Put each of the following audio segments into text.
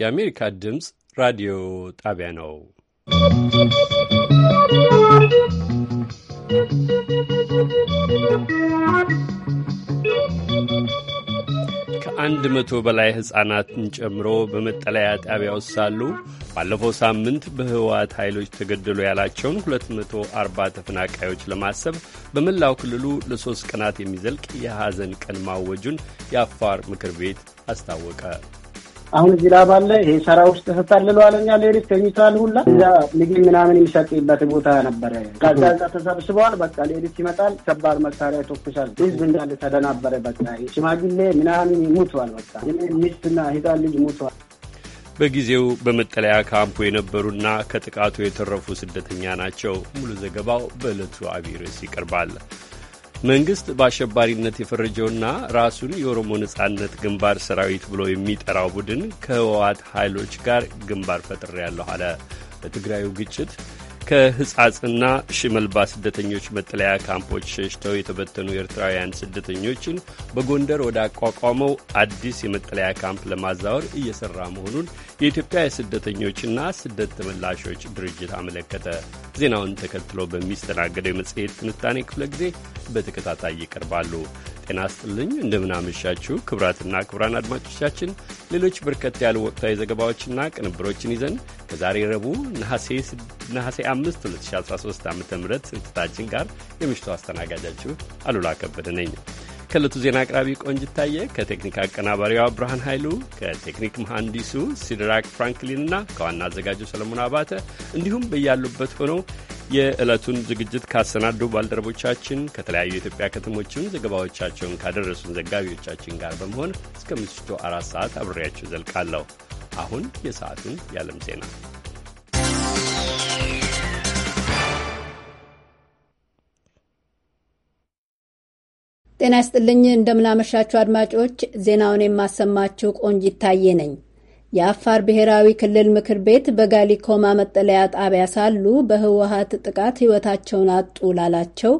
የአሜሪካ ድምፅ ራዲዮ ጣቢያ ነው። ከአንድ መቶ በላይ ሕፃናትን ጨምሮ በመጠለያ ጣቢያ ውስጥ ሳሉ ባለፈው ሳምንት በህወሓት ኃይሎች ተገደሉ ያላቸውን 240 ተፈናቃዮች ለማሰብ በመላው ክልሉ ለሦስት ቀናት የሚዘልቅ የሐዘን ቀን ማወጁን የአፋር ምክር ቤት አስታወቀ። አሁን እዚህ ላብ አለ ይሄ ሰራ ውስጥ ስታልለ አለኛ ሌሊት ተኝተዋል። ሁላ እዛ ምግብ ምናምን የሚሰጥበት ቦታ ነበረ። ከዛ እዛ ተሰብስበዋል። በቃ ሌሊት ይመጣል፣ ከባድ መሳሪያ ይተኩሳል። ህዝብ እንዳለ ተደናበረ። በቃ ሽማግሌ ምናምን ሙተዋል። በቃ ሚስትና ህፃን ልጅ ሙተዋል። በጊዜው በመጠለያ ካምፑ የነበሩና ከጥቃቱ የተረፉ ስደተኛ ናቸው። ሙሉ ዘገባው በዕለቱ አቢርስ ይቀርባል። መንግስት በአሸባሪነት የፈረጀውና ራሱን የኦሮሞ ነጻነት ግንባር ሰራዊት ብሎ የሚጠራው ቡድን ከህወሓት ኃይሎች ጋር ግንባር ፈጥሬ ያለሁ አለ። በትግራዩ ግጭት ከህጻጽና ሽመልባ ስደተኞች መጠለያ ካምፖች ሸሽተው የተበተኑ ኤርትራውያን ስደተኞችን በጎንደር ወደ አቋቋመው አዲስ የመጠለያ ካምፕ ለማዛወር እየሰራ መሆኑን የኢትዮጵያ የስደተኞችና ስደት ተመላሾች ድርጅት አመለከተ። ዜናውን ተከትሎ በሚስተናገደው የመጽሔት ትንታኔ ክፍለ ጊዜ በተከታታይ ይቀርባሉ። ጤና ስጥልኝ እንደምናመሻችሁ ክቡራትና ክቡራን አድማጮቻችን ሌሎች በርከት ያሉ ወቅታዊ ዘገባዎችና ቅንብሮችን ይዘን ከዛሬ ረቡዕ ነሐሴ 5 2013 ዓ ም ስርጭታችን ጋር የምሽቱ አስተናጋጃችሁ አሉላ ከበደ ነኝ። ከእለቱ ዜና አቅራቢ ቆንጅት ታየ፣ ከቴክኒክ አቀናባሪዋ ብርሃን ኃይሉ፣ ከቴክኒክ መሐንዲሱ ሲድራክ ፍራንክሊንና ከዋና አዘጋጁ ሰለሞን አባተ እንዲሁም በያሉበት ሆነው የዕለቱን ዝግጅት ካሰናዱ ባልደረቦቻችን ከተለያዩ የኢትዮጵያ ከተሞችም ዘገባዎቻቸውን ካደረሱን ዘጋቢዎቻችን ጋር በመሆን እስከ ምሽቱ አራት ሰዓት አብሬያችሁ ዘልቃለሁ። አሁን የሰዓቱን የዓለም ዜና ጤና ይስጥልኝ እንደምናመሻችሁ አድማጮች፣ ዜናውን የማሰማችሁ ቆንጅ ይታየ ነኝ። የአፋር ብሔራዊ ክልል ምክር ቤት በጋሊኮማ መጠለያ ጣቢያ ሳሉ በህወሀት ጥቃት ህይወታቸውን አጡ ላላቸው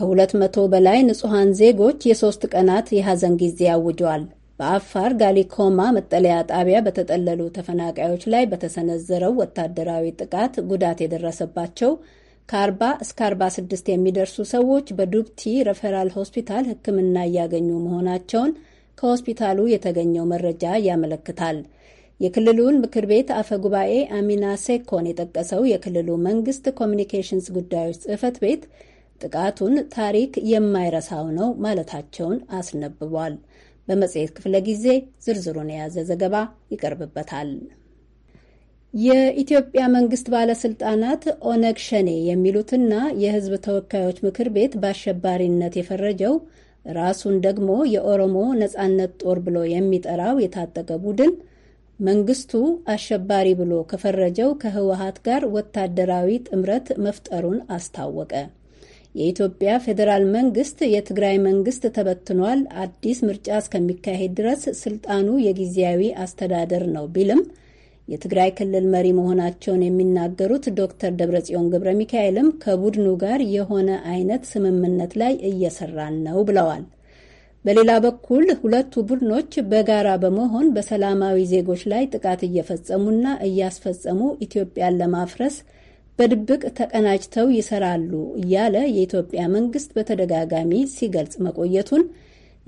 ከ200 በላይ ንጹሐን ዜጎች የሶስት ቀናት የሐዘን ጊዜ አውጇል። በአፋር ጋሊኮማ መጠለያ ጣቢያ በተጠለሉ ተፈናቃዮች ላይ በተሰነዘረው ወታደራዊ ጥቃት ጉዳት የደረሰባቸው ከ40 እስከ 46 የሚደርሱ ሰዎች በዱብቲ ረፈራል ሆስፒታል ሕክምና እያገኙ መሆናቸውን ከሆስፒታሉ የተገኘው መረጃ ያመለክታል። የክልሉን ምክር ቤት አፈ ጉባኤ አሚና ሴኮን የጠቀሰው የክልሉ መንግስት ኮሚኒኬሽንስ ጉዳዮች ጽህፈት ቤት ጥቃቱን ታሪክ የማይረሳው ነው ማለታቸውን አስነብቧል። በመጽሔት ክፍለ ጊዜ ዝርዝሩን የያዘ ዘገባ ይቀርብበታል። የኢትዮጵያ መንግስት ባለስልጣናት ኦነግ ሸኔ የሚሉትና የህዝብ ተወካዮች ምክር ቤት በአሸባሪነት የፈረጀው ራሱን ደግሞ የኦሮሞ ነጻነት ጦር ብሎ የሚጠራው የታጠቀ ቡድን መንግስቱ አሸባሪ ብሎ ከፈረጀው ከህወሀት ጋር ወታደራዊ ጥምረት መፍጠሩን አስታወቀ። የኢትዮጵያ ፌዴራል መንግስት የትግራይ መንግስት ተበትኗል፣ አዲስ ምርጫ እስከሚካሄድ ድረስ ስልጣኑ የጊዜያዊ አስተዳደር ነው ቢልም የትግራይ ክልል መሪ መሆናቸውን የሚናገሩት ዶክተር ደብረጽዮን ገብረ ሚካኤልም ከቡድኑ ጋር የሆነ አይነት ስምምነት ላይ እየሰራን ነው ብለዋል። በሌላ በኩል ሁለቱ ቡድኖች በጋራ በመሆን በሰላማዊ ዜጎች ላይ ጥቃት እየፈጸሙና እያስፈጸሙ ኢትዮጵያን ለማፍረስ በድብቅ ተቀናጅተው ይሰራሉ እያለ የኢትዮጵያ መንግስት በተደጋጋሚ ሲገልጽ መቆየቱን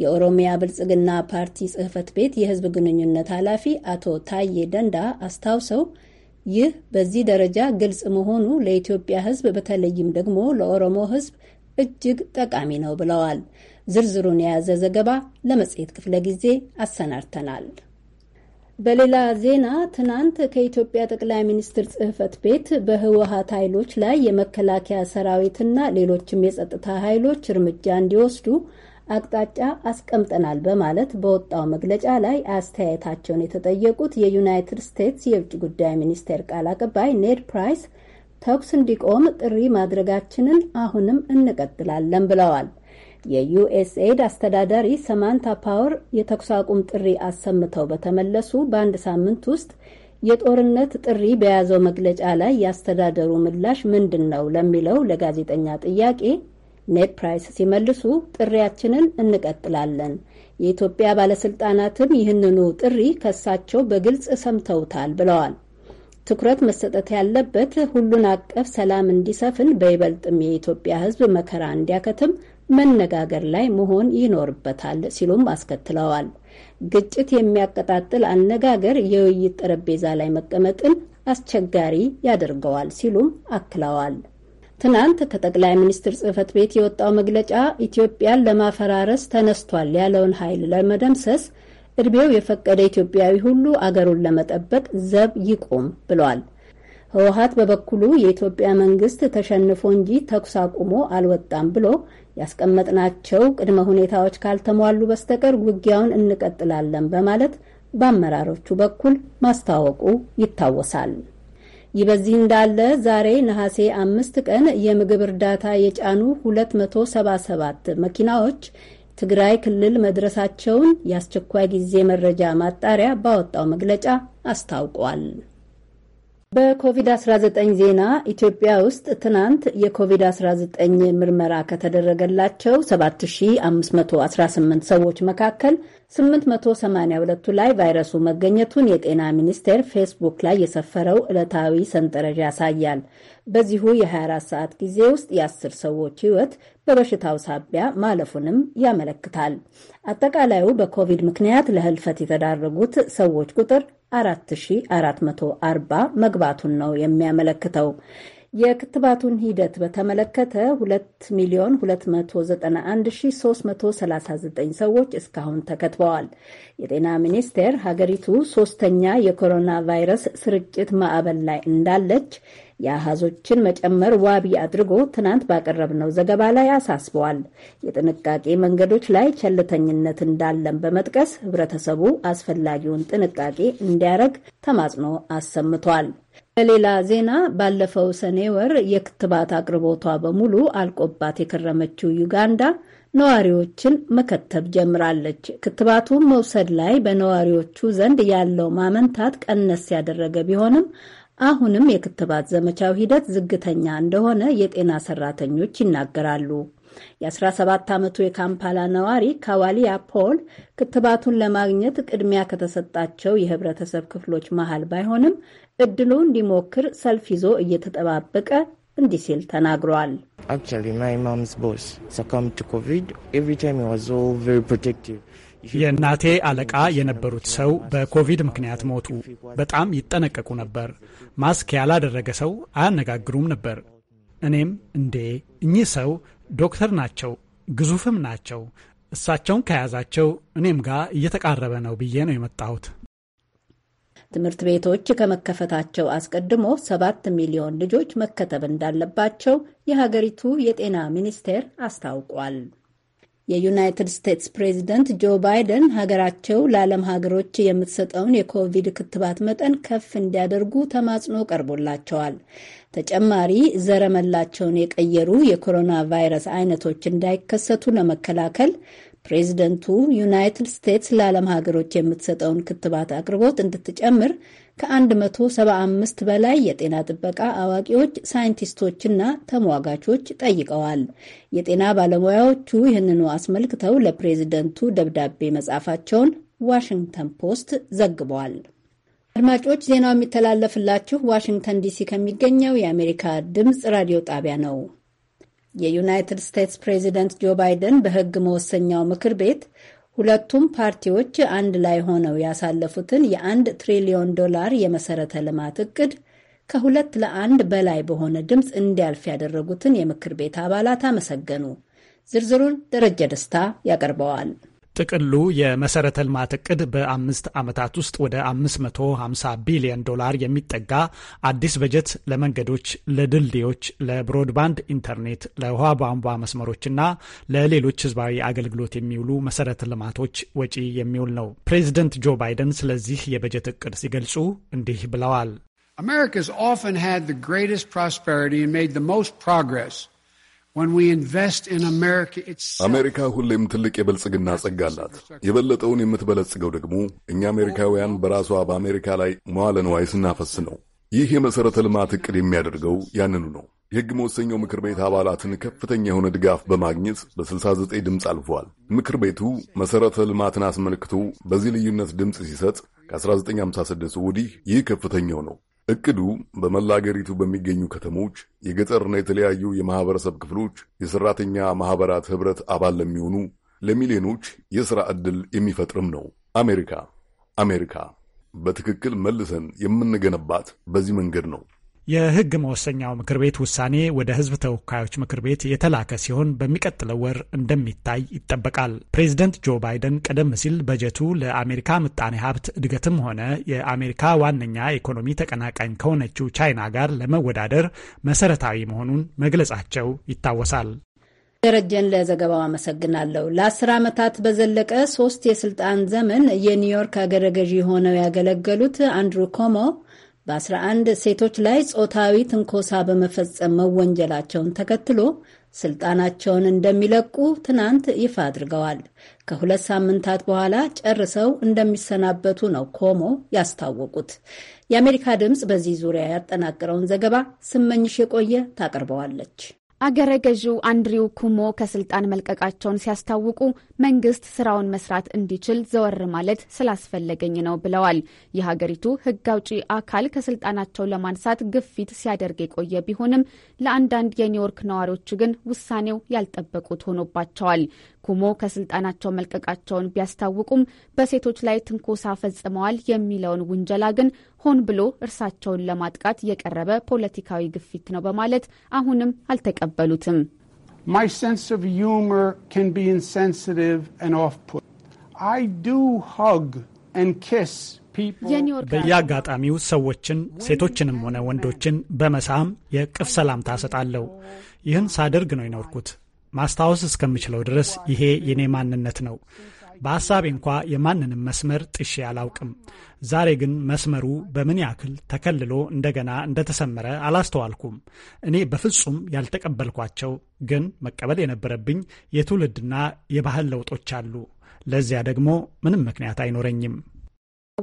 የኦሮሚያ ብልጽግና ፓርቲ ጽህፈት ቤት የህዝብ ግንኙነት ኃላፊ አቶ ታዬ ደንዳ አስታውሰው ይህ በዚህ ደረጃ ግልጽ መሆኑ ለኢትዮጵያ ህዝብ በተለይም ደግሞ ለኦሮሞ ህዝብ እጅግ ጠቃሚ ነው ብለዋል። ዝርዝሩን የያዘ ዘገባ ለመጽሔት ክፍለ ጊዜ አሰናድተናል። በሌላ ዜና ትናንት ከኢትዮጵያ ጠቅላይ ሚኒስትር ጽህፈት ቤት በህወሀት ኃይሎች ላይ የመከላከያ ሰራዊትና ሌሎችም የጸጥታ ኃይሎች እርምጃ እንዲወስዱ አቅጣጫ አስቀምጠናል በማለት በወጣው መግለጫ ላይ አስተያየታቸውን የተጠየቁት የዩናይትድ ስቴትስ የውጭ ጉዳይ ሚኒስቴር ቃል አቀባይ ኔድ ፕራይስ ተኩስ እንዲቆም ጥሪ ማድረጋችንን አሁንም እንቀጥላለን ብለዋል። የዩኤስኤድ አስተዳዳሪ ሰማንታ ፓወር የተኩስ አቁም ጥሪ አሰምተው በተመለሱ በአንድ ሳምንት ውስጥ የጦርነት ጥሪ በያዘው መግለጫ ላይ ያስተዳደሩ ምላሽ ምንድን ነው ለሚለው ለጋዜጠኛ ጥያቄ ኔድ ፕራይስ ሲመልሱ ጥሪያችንን እንቀጥላለን። የኢትዮጵያ ባለስልጣናትም ይህንኑ ጥሪ ከሳቸው በግልጽ ሰምተውታል ብለዋል። ትኩረት መሰጠት ያለበት ሁሉን አቀፍ ሰላም እንዲሰፍን በይበልጥም የኢትዮጵያ ሕዝብ መከራ እንዲያከትም መነጋገር ላይ መሆን ይኖርበታል ሲሉም አስከትለዋል። ግጭት የሚያቀጣጥል አነጋገር የውይይት ጠረጴዛ ላይ መቀመጥን አስቸጋሪ ያደርገዋል ሲሉም አክለዋል። ትናንት ከጠቅላይ ሚኒስትር ጽህፈት ቤት የወጣው መግለጫ ኢትዮጵያን ለማፈራረስ ተነስቷል ያለውን ኃይል ለመደምሰስ እድሜው የፈቀደ ኢትዮጵያዊ ሁሉ አገሩን ለመጠበቅ ዘብ ይቁም ብሏል። ህወሀት በበኩሉ የኢትዮጵያ መንግስት ተሸንፎ እንጂ ተኩስ አቁሞ አልወጣም ብሎ ያስቀመጥናቸው ቅድመ ሁኔታዎች ካልተሟሉ በስተቀር ውጊያውን እንቀጥላለን በማለት በአመራሮቹ በኩል ማስታወቁ ይታወሳል። ይህ በዚህ እንዳለ ዛሬ ነሐሴ አምስት ቀን የምግብ እርዳታ የጫኑ 277 መኪናዎች ትግራይ ክልል መድረሳቸውን የአስቸኳይ ጊዜ መረጃ ማጣሪያ ባወጣው መግለጫ አስታውቋል። በኮቪድ-19 ዜና ኢትዮጵያ ውስጥ ትናንት የኮቪድ-19 ምርመራ ከተደረገላቸው 7518 ሰዎች መካከል 882ቱ ላይ ቫይረሱ መገኘቱን የጤና ሚኒስቴር ፌስቡክ ላይ የሰፈረው ዕለታዊ ሰንጠረዥ ያሳያል። በዚሁ የ24 ሰዓት ጊዜ ውስጥ የ10 ሰዎች ሕይወት በበሽታው ሳቢያ ማለፉንም ያመለክታል። አጠቃላዩ በኮቪድ ምክንያት ለህልፈት የተዳረጉት ሰዎች ቁጥር 4440 መግባቱን ነው የሚያመለክተው። የክትባቱን ሂደት በተመለከተ 2 ሚሊዮን 291339 ሰዎች እስካሁን ተከትበዋል። የጤና ሚኒስቴር ሀገሪቱ ሶስተኛ የኮሮና ቫይረስ ስርጭት ማዕበል ላይ እንዳለች የአሃዞችን መጨመር ዋቢ አድርጎ ትናንት ባቀረብነው ዘገባ ላይ አሳስበዋል። የጥንቃቄ መንገዶች ላይ ቸልተኝነት እንዳለን በመጥቀስ ህብረተሰቡ አስፈላጊውን ጥንቃቄ እንዲያደርግ ተማጽኖ አሰምቷል። በሌላ ዜና ባለፈው ሰኔ ወር የክትባት አቅርቦቷ በሙሉ አልቆባት የከረመችው ዩጋንዳ ነዋሪዎችን መከተብ ጀምራለች። ክትባቱን መውሰድ ላይ በነዋሪዎቹ ዘንድ ያለው ማመንታት ቀነስ ያደረገ ቢሆንም አሁንም የክትባት ዘመቻው ሂደት ዝግተኛ እንደሆነ የጤና ሰራተኞች ይናገራሉ። የ17 ዓመቱ የካምፓላ ነዋሪ ካዋሊያ ፖል ክትባቱን ለማግኘት ቅድሚያ ከተሰጣቸው የህብረተሰብ ክፍሎች መሃል ባይሆንም እድሉ እንዲሞክር ሰልፍ ይዞ እየተጠባበቀ እንዲህ ሲል ተናግሯል። የእናቴ አለቃ የነበሩት ሰው በኮቪድ ምክንያት ሞቱ። በጣም ይጠነቀቁ ነበር። ማስክ ያላደረገ ሰው አያነጋግሩም ነበር። እኔም እንዴ እኚህ ሰው ዶክተር ናቸው፣ ግዙፍም ናቸው። እሳቸውን ከያዛቸው እኔም ጋር እየተቃረበ ነው ብዬ ነው የመጣሁት። ትምህርት ቤቶች ከመከፈታቸው አስቀድሞ ሰባት ሚሊዮን ልጆች መከተብ እንዳለባቸው የሀገሪቱ የጤና ሚኒስቴር አስታውቋል። የዩናይትድ ስቴትስ ፕሬዚደንት ጆ ባይደን ሀገራቸው ለዓለም ሀገሮች የምትሰጠውን የኮቪድ ክትባት መጠን ከፍ እንዲያደርጉ ተማጽኖ ቀርቦላቸዋል። ተጨማሪ ዘረመላቸውን የቀየሩ የኮሮና ቫይረስ አይነቶች እንዳይከሰቱ ለመከላከል ፕሬዚደንቱ ዩናይትድ ስቴትስ ለዓለም ሀገሮች የምትሰጠውን ክትባት አቅርቦት እንድትጨምር ከ175 በላይ የጤና ጥበቃ አዋቂዎች፣ ሳይንቲስቶችና ተሟጋቾች ጠይቀዋል። የጤና ባለሙያዎቹ ይህንኑ አስመልክተው ለፕሬዚደንቱ ደብዳቤ መጻፋቸውን ዋሽንግተን ፖስት ዘግቧል። አድማጮች ዜናው የሚተላለፍላችሁ ዋሽንግተን ዲሲ ከሚገኘው የአሜሪካ ድምፅ ራዲዮ ጣቢያ ነው። የዩናይትድ ስቴትስ ፕሬዚደንት ጆ ባይደን በሕግ መወሰኛው ምክር ቤት ሁለቱም ፓርቲዎች አንድ ላይ ሆነው ያሳለፉትን የአንድ ትሪሊዮን ዶላር የመሰረተ ልማት እቅድ ከሁለት ለአንድ በላይ በሆነ ድምፅ እንዲያልፍ ያደረጉትን የምክር ቤት አባላት አመሰገኑ። ዝርዝሩን ደረጀ ደስታ ያቀርበዋል። ጥቅሉ የመሰረተ ልማት እቅድ በአምስት ዓመታት ውስጥ ወደ 550 ቢሊዮን ዶላር የሚጠጋ አዲስ በጀት ለመንገዶች፣ ለድልድዮች፣ ለብሮድባንድ ኢንተርኔት፣ ለውሃ ቧንቧ መስመሮችና ለሌሎች ህዝባዊ አገልግሎት የሚውሉ መሰረተ ልማቶች ወጪ የሚውል ነው። ፕሬዚደንት ጆ ባይደን ስለዚህ የበጀት እቅድ ሲገልጹ እንዲህ ብለዋል። America ኦፍን often had the greatest አሜሪካ ሁሌም ትልቅ የበልጽግና ጸጋ አላት። የበለጠውን የምትበለጽገው ደግሞ እኛ አሜሪካውያን በራሷ በአሜሪካ ላይ መዋለ ንዋይ ስናፈስ ነው። ይህ የመሠረተ ልማት እቅድ የሚያደርገው ያንኑ ነው። የሕግ መወሰኛው ምክር ቤት አባላትን ከፍተኛ የሆነ ድጋፍ በማግኘት በ69 ድምፅ አልፏል። ምክር ቤቱ መሠረተ ልማትን አስመልክቶ በዚህ ልዩነት ድምፅ ሲሰጥ ከ1956 ወዲህ ይህ ከፍተኛው ነው። እቅዱ በመላ አገሪቱ በሚገኙ ከተሞች የገጠርና የተለያዩ የማህበረሰብ ክፍሎች የሰራተኛ ማህበራት ህብረት አባል ለሚሆኑ ለሚሊዮኖች የሥራ ዕድል የሚፈጥርም ነው። አሜሪካ አሜሪካ በትክክል መልሰን የምንገነባት በዚህ መንገድ ነው። የህግ መወሰኛው ምክር ቤት ውሳኔ ወደ ህዝብ ተወካዮች ምክር ቤት የተላከ ሲሆን በሚቀጥለው ወር እንደሚታይ ይጠበቃል። ፕሬዚደንት ጆ ባይደን ቀደም ሲል በጀቱ ለአሜሪካ ምጣኔ ሀብት እድገትም ሆነ የአሜሪካ ዋነኛ ኢኮኖሚ ተቀናቃኝ ከሆነችው ቻይና ጋር ለመወዳደር መሰረታዊ መሆኑን መግለጻቸው ይታወሳል። ደረጀን ለዘገባው አመሰግናለሁ። ለአስር ዓመታት በዘለቀ ሶስት የስልጣን ዘመን የኒውዮርክ አገረገዢ ሆነው ያገለገሉት አንድሩ ኮሞ በ11 ሴቶች ላይ ጾታዊ ትንኮሳ በመፈጸም መወንጀላቸውን ተከትሎ ስልጣናቸውን እንደሚለቁ ትናንት ይፋ አድርገዋል። ከሁለት ሳምንታት በኋላ ጨርሰው እንደሚሰናበቱ ነው ኮሞ ያስታወቁት። የአሜሪካ ድምፅ በዚህ ዙሪያ ያጠናቀረውን ዘገባ ስመኝሽ የቆየ ታቀርበዋለች። አገረ ገዢው አንድሪው ኩሞ ከስልጣን መልቀቃቸውን ሲያስታውቁ መንግስት ስራውን መስራት እንዲችል ዘወር ማለት ስላስፈለገኝ ነው ብለዋል። የሀገሪቱ ህግ አውጪ አካል ከስልጣናቸው ለማንሳት ግፊት ሲያደርግ የቆየ ቢሆንም ለአንዳንድ የኒውዮርክ ነዋሪዎች ግን ውሳኔው ያልጠበቁት ሆኖባቸዋል። ኩሞ ከስልጣናቸው መልቀቃቸውን ቢያስታውቁም በሴቶች ላይ ትንኮሳ ፈጽመዋል የሚለውን ውንጀላ ግን ሆን ብሎ እርሳቸውን ለማጥቃት የቀረበ ፖለቲካዊ ግፊት ነው በማለት አሁንም አልተቀበሉትም። በየአጋጣሚው ሰዎችን ሴቶችንም ሆነ ወንዶችን በመሳም የቅፍ ሰላምታ እሰጣለሁ። ይህን ሳደርግ ነው የኖርኩት። ማስታወስ እስከምችለው ድረስ ይሄ የኔ ማንነት ነው። በሐሳቤ እንኳ የማንንም መስመር ጥሼ አላውቅም። ዛሬ ግን መስመሩ በምን ያክል ተከልሎ እንደገና እንደተሰመረ አላስተዋልኩም። እኔ በፍጹም ያልተቀበልኳቸው ግን መቀበል የነበረብኝ የትውልድና የባህል ለውጦች አሉ። ለዚያ ደግሞ ምንም ምክንያት አይኖረኝም።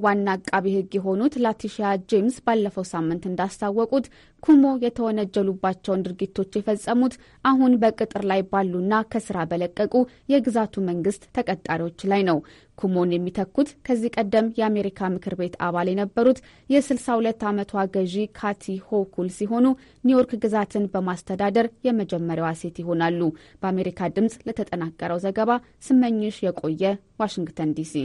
ዋና አቃቢ ሕግ የሆኑት ላቲሺያ ጄምስ ባለፈው ሳምንት እንዳስታወቁት ኩሞ የተወነጀሉባቸውን ድርጊቶች የፈጸሙት አሁን በቅጥር ላይ ባሉና ከስራ በለቀቁ የግዛቱ መንግስት ተቀጣሪዎች ላይ ነው። ኩሞን የሚተኩት ከዚህ ቀደም የአሜሪካ ምክር ቤት አባል የነበሩት የ62 ዓመቷ ገዢ ካቲ ሆኩል ሲሆኑ ኒውዮርክ ግዛትን በማስተዳደር የመጀመሪያዋ ሴት ይሆናሉ። በአሜሪካ ድምፅ ለተጠናቀረው ዘገባ ስመኝሽ የቆየ ዋሽንግተን ዲሲ።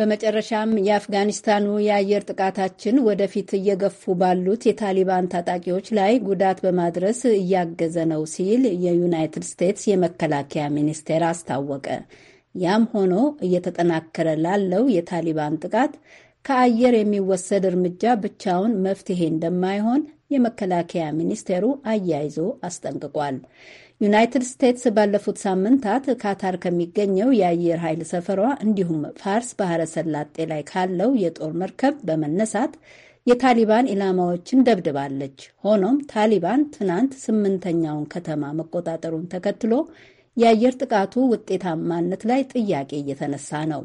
በመጨረሻም የአፍጋኒስታኑ የአየር ጥቃታችን ወደፊት እየገፉ ባሉት የታሊባን ታጣቂዎች ላይ ጉዳት በማድረስ እያገዘ ነው ሲል የዩናይትድ ስቴትስ የመከላከያ ሚኒስቴር አስታወቀ። ያም ሆኖ እየተጠናከረ ላለው የታሊባን ጥቃት ከአየር የሚወሰድ እርምጃ ብቻውን መፍትሄ እንደማይሆን የመከላከያ ሚኒስቴሩ አያይዞ አስጠንቅቋል። ዩናይትድ ስቴትስ ባለፉት ሳምንታት ካታር ከሚገኘው የአየር ኃይል ሰፈሯ እንዲሁም ፋርስ ባህረ ሰላጤ ላይ ካለው የጦር መርከብ በመነሳት የታሊባን ኢላማዎችን ደብድባለች። ሆኖም ታሊባን ትናንት ስምንተኛውን ከተማ መቆጣጠሩን ተከትሎ የአየር ጥቃቱ ውጤታማነት ላይ ጥያቄ እየተነሳ ነው።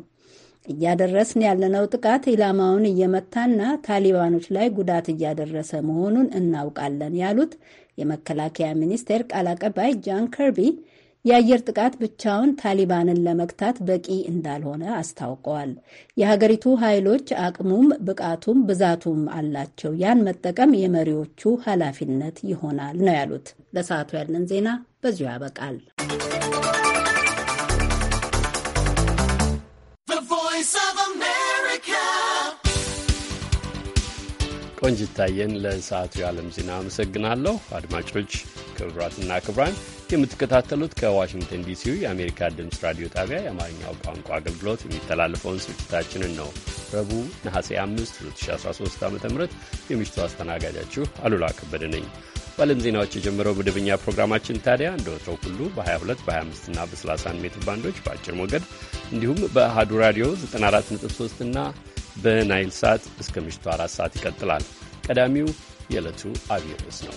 እያደረስን ያለነው ጥቃት ኢላማውን እየመታና ታሊባኖች ላይ ጉዳት እያደረሰ መሆኑን እናውቃለን ያሉት የመከላከያ ሚኒስቴር ቃል አቀባይ ጃን ከርቢ የአየር ጥቃት ብቻውን ታሊባንን ለመግታት በቂ እንዳልሆነ አስታውቀዋል። የሀገሪቱ ኃይሎች አቅሙም ብቃቱም ብዛቱም አላቸው። ያን መጠቀም የመሪዎቹ ኃላፊነት ይሆናል ነው ያሉት። ለሰዓቱ ያለን ዜና በዚሁ ያበቃል። ቆንጅታየን ለሰዓቱ የዓለም ዜና አመሰግናለሁ። አድማጮች፣ ክብራትና ክብራን የምትከታተሉት ከዋሽንግተን ዲሲው የአሜሪካ ድምፅ ራዲዮ ጣቢያ የአማርኛው ቋንቋ አገልግሎት የሚተላለፈውን ስርጭታችንን ነው። ረቡዕ ነሐሴ 5 2013 ዓ ም የምሽቱ አስተናጋጃችሁ አሉላ ከበደ ነኝ። በዓለም ዜናዎች የጀመረው መደበኛ ፕሮግራማችን ታዲያ እንደ ወትሮው ሁሉ በ22 በ25 ና በ31 ሜትር ባንዶች በአጭር ሞገድ እንዲሁም በአሃዱ ራዲዮ 943 እና በናይል ሳት እስከ ምሽቱ አራት ሰዓት ይቀጥላል። ቀዳሚው የዕለቱ አብይ ርዕስ ነው።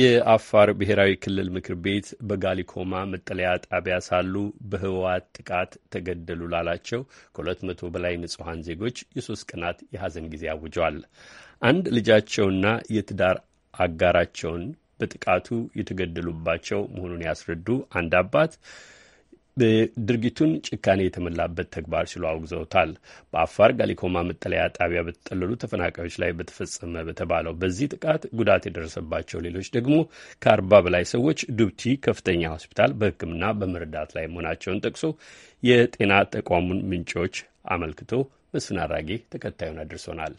የአፋር ብሔራዊ ክልል ምክር ቤት በጋሊኮማ መጠለያ ጣቢያ ሳሉ በህወሓት ጥቃት ተገደሉ ላላቸው ከሁለት መቶ በላይ ንጹሐን ዜጎች የሶስት ቀናት የሐዘን ጊዜ አውጇል። አንድ ልጃቸውና የትዳር አጋራቸውን በጥቃቱ የተገደሉባቸው መሆኑን ያስረዱ አንድ አባት ድርጊቱን ጭካኔ የተሞላበት ተግባር ሲሉ አውግዘውታል። በአፋር ጋሊኮማ መጠለያ ጣቢያ በተጠለሉ ተፈናቃዮች ላይ በተፈጸመ በተባለው በዚህ ጥቃት ጉዳት የደረሰባቸው ሌሎች ደግሞ ከአርባ በላይ ሰዎች ዱብቲ ከፍተኛ ሆስፒታል በሕክምና በመርዳት ላይ መሆናቸውን ጠቅሶ የጤና ተቋሙን ምንጮች አመልክቶ መስፍን አራጌ ተከታዩን አድርሶናል።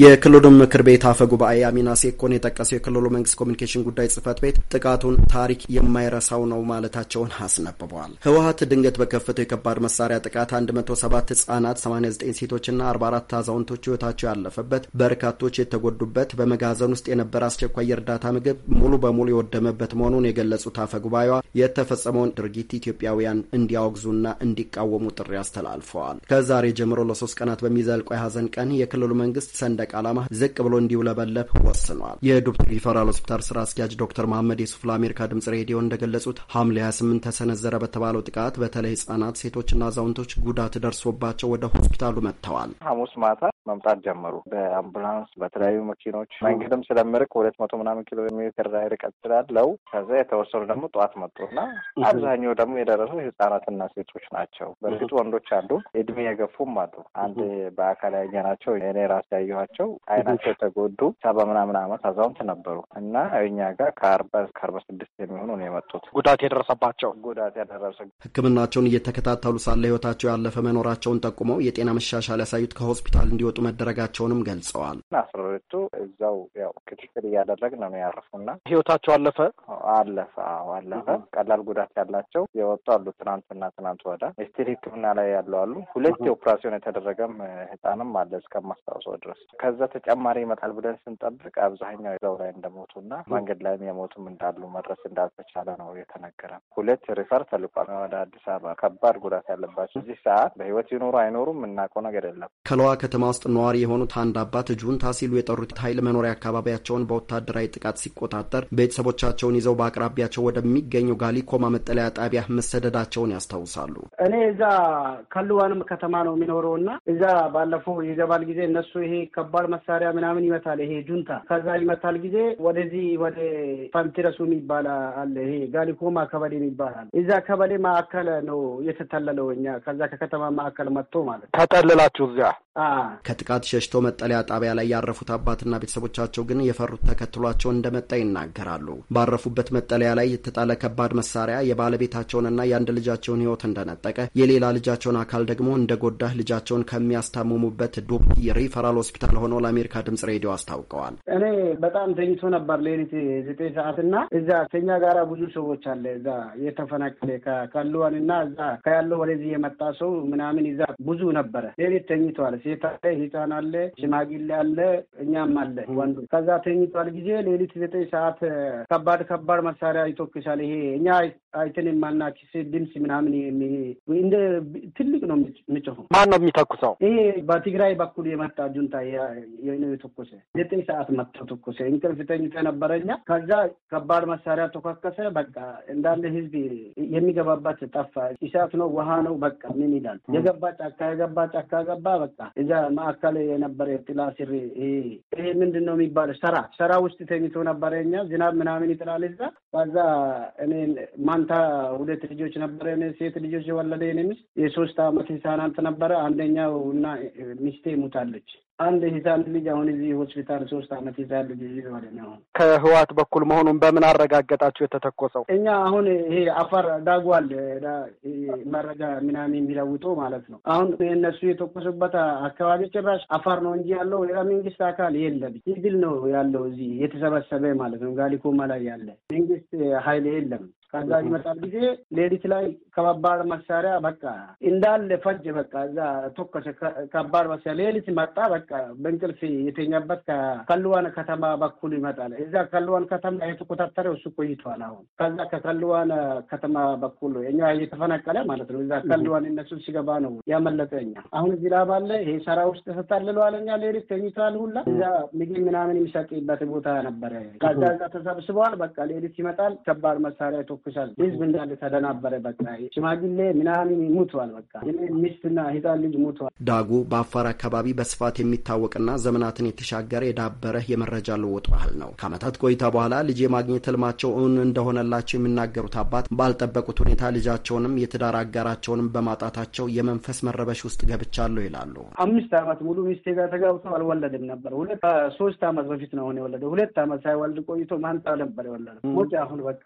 የክልሉን ምክር ቤት አፈ ጉባኤ አሚና ሴኮን የጠቀሰው የክልሉ መንግስት ኮሚኒኬሽን ጉዳይ ጽህፈት ቤት ጥቃቱን ታሪክ የማይረሳው ነው ማለታቸውን አስነብበዋል። ህወሀት ድንገት በከፈተው የከባድ መሳሪያ ጥቃት 107 ህጻናት፣ 89 ሴቶችና 44 አዛውንቶች ህይወታቸው ያለፈበት በርካቶች የተጎዱበት በመጋዘን ውስጥ የነበረ አስቸኳይ የእርዳታ ምግብ ሙሉ በሙሉ የወደመበት መሆኑን የገለጹት አፈ ጉባኤዋ የተፈጸመውን ድርጊት ኢትዮጵያውያን እንዲያወግዙና እንዲቃወሙ ጥሪ አስተላልፈዋል። ከዛሬ ጀምሮ ለሶስት ቀናት በሚዘልቀው የሀዘን ቀን የክልሉ መንግስት ሰንደ ሰንደቅ ዓላማ ዝቅ ብሎ እንዲውለበለብ ወስኗል። የዱብት ሪፈራል ሆስፒታል ስራ አስኪያጅ ዶክተር መሐመድ የሱፍ ለአሜሪካ ድምጽ ሬዲዮ እንደገለጹት ሐምሌ 28 ተሰነዘረ በተባለው ጥቃት በተለይ ህጻናት፣ ሴቶችና አዛውንቶች ጉዳት ደርሶባቸው ወደ ሆስፒታሉ መጥተዋል። ሐሙስ ማታ መምጣት ጀመሩ። በአምቡላንስ በተለያዩ መኪኖች። መንገድም ስለምርቅ ሁለት መቶ ምናምን ኪሎ ሜትር ላይ ርቀት ስላለው ከዛ የተወሰኑ ደግሞ ጠዋት እና አብዛኛው ደግሞ የደረሱ ህጻናትና ሴቶች ናቸው። በእርግጥ ወንዶች አሉ፣ እድሜ የገፉም አሉ። አንድ በአካል ያየ ናቸው እኔ ራሴ ያየኋቸው አይናቸው የተጎዱ ሰባ ምናምን አመት አዛውንት ነበሩ እና እኛ ጋር ከአርባ እስከ አርባ ስድስት የሚሆኑ ነው የመጡት ጉዳት የደረሰባቸው ጉዳት ያደረሰ ህክምናቸውን እየተከታተሉ ሳለ ህይወታቸው ያለፈ መኖራቸውን ጠቁመው የጤና መሻሻል ያሳዩት ከሆስፒታል እንዲወ እንዲወጡ መደረጋቸውንም ገልጸዋል። አስረቱ እዛው ያው ክትትል እያደረግ ነው ያረፉና ህይወታቸው አለፈ አለፈ አለፈ። ቀላል ጉዳት ያላቸው የወጡ አሉ። ትናንትና ትናንት ወደ ስቲል ህክምና ላይ ያሉ አሉ። ሁለት የኦፕራሲዮን የተደረገም ህፃንም አለ እስከማስታውሰው ድረስ። ከዛ ተጨማሪ ይመጣል ብለን ስንጠብቅ አብዛኛው እዛው ላይ እንደሞቱና መንገድ ላይም የሞቱም እንዳሉ መድረስ እንዳልተቻለ ነው የተነገረ። ሁለት ሪፈር ተልቋል ወደ አዲስ አበባ። ከባድ ጉዳት ያለባቸው እዚህ ሰዓት በህይወት ይኖሩ አይኖሩም እናውቀው ነገር የለም። ከለዋ ከተማ ውስጥ ነዋሪ የሆኑት አንድ አባት ጁንታ ሲሉ የጠሩት ኃይል መኖሪያ አካባቢያቸውን በወታደራዊ ጥቃት ሲቆጣጠር ቤተሰቦቻቸውን ይዘው በአቅራቢያቸው ወደሚገኘው ጋሊኮማ መጠለያ ጣቢያ መሰደዳቸውን ያስታውሳሉ። እኔ እዛ ከልዋንም ከተማ ነው የሚኖረው እና እዛ ባለፈው የገባል ጊዜ እነሱ ይሄ ከባድ መሳሪያ ምናምን ይመታል፣ ይሄ ጁንታ ከዛ ይመታል ጊዜ ወደዚህ ወደ ፋንቲረሱ የሚባል አለ፣ ይሄ ጋሊኮማ ከበሌ ይባላል። እዛ ከበሌ ማዕከል ነው የተተለለው እኛ ከዛ ከከተማ ማዕከል መጥቶ ማለት ተጠልላችሁ እዚያ ከጥቃት ሸሽቶ መጠለያ ጣቢያ ላይ ያረፉት አባትና ቤተሰቦቻቸው ግን የፈሩት ተከትሏቸው እንደመጣ ይናገራሉ። ባረፉበት መጠለያ ላይ የተጣለ ከባድ መሳሪያ የባለቤታቸውንና የአንድ ልጃቸውን ህይወት እንደነጠቀ፣ የሌላ ልጃቸውን አካል ደግሞ እንደጎዳ ልጃቸውን ከሚያስታምሙበት ዱብቲ ሪፈራል ሆስፒታል ሆኖ ለአሜሪካ ድምጽ ሬዲዮ አስታውቀዋል። እኔ በጣም ተኝቶ ነበር ሌሊት ዘጠኝ ሰዓት እና እዛ ከኛ ጋራ ብዙ ሰዎች አለ እዛ የተፈናቀለ ከልዋን እና እዛ ከያለው ወደዚህ የመጣ ሰው ምናምን ይዛ ብዙ ነበረ። ሌሊት ተኝተዋል። ሴታ ህፃን አለ፣ ሽማግሌ አለ፣ እኛም አለ ወንዱ። ከዛ ተኝቷል ጊዜ ሌሊት ዘጠኝ ሰዓት ከባድ ከባድ መሳሪያ ይተኩሳል። ይሄ እኛ አይተን ኪሴ ድምፅ ምናምን እንደ ትልቅ ነው የሚጮኸው። ማን ነው የሚተኩሰው? ይሄ በትግራይ በኩል የመጣ ጁንታ ነው የተኮሰ። ዘጠኝ ሰዓት መጥቶ ተኮሰ። እንቅልፍ ተኝቶ ነበረኛ ከዛ ከባድ መሳሪያ ተኳከሰ። በቃ እንዳለ ህዝብ የሚገባበት ጠፋ። እሳት ነው ውሃ ነው በቃ ምን ይላል የገባ ጫካ የገባ ጫካ ገባ። በቃ እዛ ማዕከል የነበረ ጥላ ስር ይሄ ምንድን ነው የሚባለው ሰራ ሰራ ውስጥ ተኝቶ ነበረኛ ዝናብ ምናምን ይጥላል እዛ ከዛ እኔ ትናንታ ሁለት ልጆች ነበረ። ሴት ልጆች የወለደ የኔ ሚስት የሶስት አመት ህጻናት ነበረ። አንደኛው እና ሚስቴ ሙታለች። አንድ ህጻን ልጅ አሁን እዚህ ሆስፒታል ሶስት አመት ህጻን ልጅ ይዘዋል። አሁን ከህዋት በኩል መሆኑን በምን አረጋገጣችሁ? የተተኮሰው እኛ አሁን ይሄ አፋር ዳጓል መረጃ ምናምን የሚለውጡ ማለት ነው። አሁን እነሱ የተኮሱበት አካባቢ ጭራሽ አፋር ነው እንጂ ያለው ሌላ መንግስት አካል የለም። ሲቪል ነው ያለው እዚህ የተሰበሰበ ማለት ነው። ጋሊኮማ ላይ ያለ መንግስት ሀይል የለም። ከዛ ይመጣል ጊዜ ሌሊት ላይ ከባባድ መሳሪያ በቃ እንዳለ ፈጅ በቃ እዛ ተኮሰ። ከባድ መሳሪያ ሌሊት መጣ። በቃ በእንቅልፍ የተኛበት ከከልዋን ከተማ በኩል ይመጣል። እዛ ከልዋን ከተማ የተቆጣጠረ እሱ ቆይቷል። አሁን ከዛ ከከልዋን ከተማ በኩል እኛ እየተፈናቀለ ማለት ነው። እዛ ከልዋን እነሱ ሲገባ ነው ያመለጠ። እኛ አሁን እዚህ ላብ ባለ ይሄ ሰራ ውስጥ ተታልለዋል። እኛ ሌሊት ተኝቷል ሁላ እዛ ምግብ ምናምን የሚሰጥበት ቦታ ነበረ። ከዛ እዛ ተሰብስበዋል። በቃ ሌሊት ይመጣል ከባድ መሳሪያ ተተኩሷል። ህዝብ እንዳለ ተደናበረ። በቃ ሽማግሌ ምናምን ሙተዋል። በቃ ሚስትና ህፃን ልጅ ሙተዋል። ዳጉ በአፋር አካባቢ በስፋት የሚታወቅና ዘመናትን የተሻገረ የዳበረ የመረጃ ልውውጥ ባህል ነው። ከአመታት ቆይታ በኋላ ልጅ የማግኘት ህልማቸው እውን እንደሆነላቸው የሚናገሩት አባት ባልጠበቁት ሁኔታ ልጃቸውንም የትዳር አጋራቸውንም በማጣታቸው የመንፈስ መረበሽ ውስጥ ገብቻለሁ ይላሉ። አምስት ዓመት ሙሉ ሚስቴ ጋር ተጋብቶ አልወለድም ነበር። ሁለት ሶስት ዓመት በፊት ነው የወለደ። ሁለት ዓመት ሳይወልድ ቆይቶ ማንጣ ነበር የወለደ ሞጭ። አሁን በቃ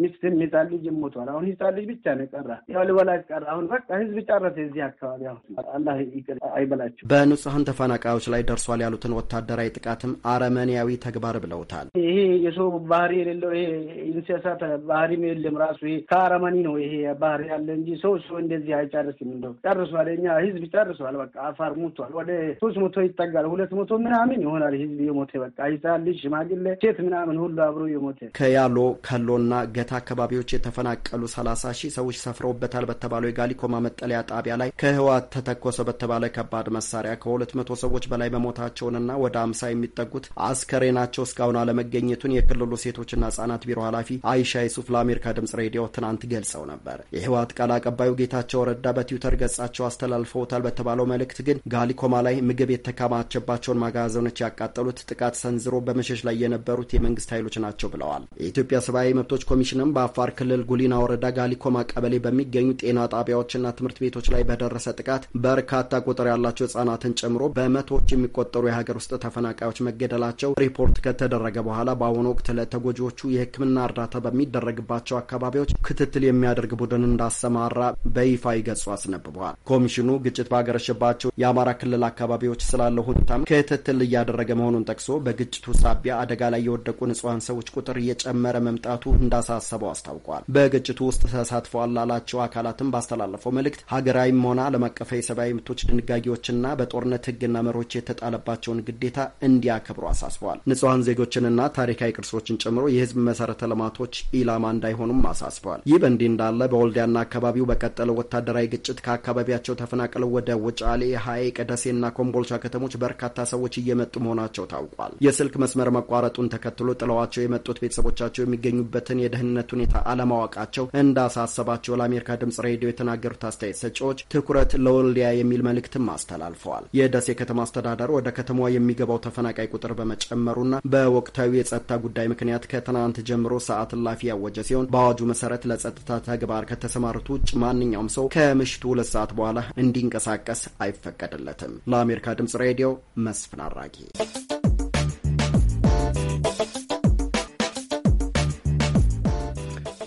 ሚስትን ህፃን ልጅ ሞቷል። አሁን ህፃን ልጅ ብቻ ነው ቀራ። ያው ልበላጭ ቀራ። አሁን በቃ ህዝብ ጨረሰ። እዚህ አካባቢ አሁን አላህ ይቅር አይበላቸው። በንጹሐን ተፈናቃዮች ላይ ደርሷል ያሉትን ወታደራዊ ጥቃትም አረመኔያዊ ተግባር ብለውታል። ይሄ የሰው ባህሪ የሌለው ይሄ እንስሳት ባህሪም የለም ራሱ ይሄ ከአረመኒ ነው ይሄ ባህሪ ያለ እንጂ ሰው ሰው እንደዚህ አይጨርስም። እንደው ጨርሷል። እኛ ህዝብ ጨርሷል። በቃ አፋር ሙቷል። ወደ ሶስት መቶ ይጠጋል። ሁለት መቶ ምናምን ይሆናል ህዝብ የሞተ በቃ ህፃን ልጅ፣ ሽማግሌ፣ ሴት ምናምን ሁሉ አብሮ የሞተ ከያሎ ከሎና ገታ አካባቢዎች የተፈናቀሉ 30 ሺህ ሰዎች ሰፍረውበታል በተባለው የጋሊኮማ መጠለያ ጣቢያ ላይ ከህወሓት ተተኮሰ በተባለ ከባድ መሳሪያ ከ200 ሰዎች በላይ መሞታቸውንና ወደ 50 የሚጠጉት አስከሬናቸው እስካሁን አለመገኘቱን የክልሉ ሴቶችና ህጻናት ቢሮ ኃላፊ አይሻ ይሱፍ ለአሜሪካ ድምጽ ሬዲዮ ትናንት ገልጸው ነበር። የህወሓት ቃል አቀባዩ ጌታቸው ረዳ በትዊተር ገጻቸው አስተላልፈውታል በተባለው መልእክት ግን ጋሊኮማ ላይ ምግብ የተከማቸባቸውን ማጋዘኖች ያቃጠሉት ጥቃት ሰንዝሮ በመሸሽ ላይ የነበሩት የመንግስት ኃይሎች ናቸው ብለዋል። የኢትዮጵያ ሰብአዊ መብቶች ጉዳዮች ኮሚሽንም በአፋር ክልል ጉሊና ወረዳ ጋሊኮማ ቀበሌ በሚገኙ ጤና ጣቢያዎችና ትምህርት ቤቶች ላይ በደረሰ ጥቃት በርካታ ቁጥር ያላቸው ህጻናትን ጨምሮ በመቶዎች የሚቆጠሩ የሀገር ውስጥ ተፈናቃዮች መገደላቸው ሪፖርት ከተደረገ በኋላ በአሁኑ ወቅት ለተጎጂዎቹ የህክምና እርዳታ በሚደረግባቸው አካባቢዎች ክትትል የሚያደርግ ቡድን እንዳሰማራ በይፋ ይገጹ አስነብበዋል። ኮሚሽኑ ግጭት ባገረሸባቸው የአማራ ክልል አካባቢዎች ስላለው ሁኔታም ክትትል እያደረገ መሆኑን ጠቅሶ በግጭቱ ሳቢያ አደጋ ላይ የወደቁ ንጹሐን ሰዎች ቁጥር እየጨመረ መምጣቱ እንዳሳሰበው አስታውቋል። በግጭቱ ውስጥ ተሳትፈዋል ላላቸው አካላትም ባስተላለፈው መልእክት ሀገራዊም ሆነ ዓለም አቀፍ የሰብአዊ መብቶች ድንጋጌዎችና በጦርነት ህግና መሮች የተጣለባቸውን ግዴታ እንዲያከብሩ አሳስበዋል። ንጹሐን ዜጎችንና ታሪካዊ ቅርሶችን ጨምሮ የህዝብ መሰረተ ልማቶች ኢላማ እንዳይሆኑም አሳስበዋል። ይህ በእንዲህ እንዳለ በወልዲያና አካባቢው በቀጠለው ወታደራዊ ግጭት ከአካባቢያቸው ተፈናቅለው ወደ ውጫሌ፣ ሀይቅ፣ ደሴና ኮምቦልቻ ከተሞች በርካታ ሰዎች እየመጡ መሆናቸው ታውቋል። የስልክ መስመር መቋረጡን ተከትሎ ጥለዋቸው የመጡት ቤተሰቦቻቸው የሚገኙበትን የሀገሪቱን የደህንነት ሁኔታ አለማወቃቸው እንዳሳሰባቸው ለአሜሪካ ድምጽ ሬዲዮ የተናገሩት አስተያየት ሰጪዎች ትኩረት ለወልዲያ የሚል መልእክትም አስተላልፈዋል። የደሴ ከተማ አስተዳደር ወደ ከተማዋ የሚገባው ተፈናቃይ ቁጥር በመጨመሩና በወቅታዊ የጸጥታ ጉዳይ ምክንያት ከትናንት ጀምሮ ሰዓት እላፊ ያወጀ ሲሆን በአዋጁ መሰረት ለጸጥታ ተግባር ከተሰማሩት ውጭ ማንኛውም ሰው ከምሽቱ ሁለት ሰዓት በኋላ እንዲንቀሳቀስ አይፈቀድለትም። ለአሜሪካ ድምጽ ሬዲዮ መስፍን አራጌ።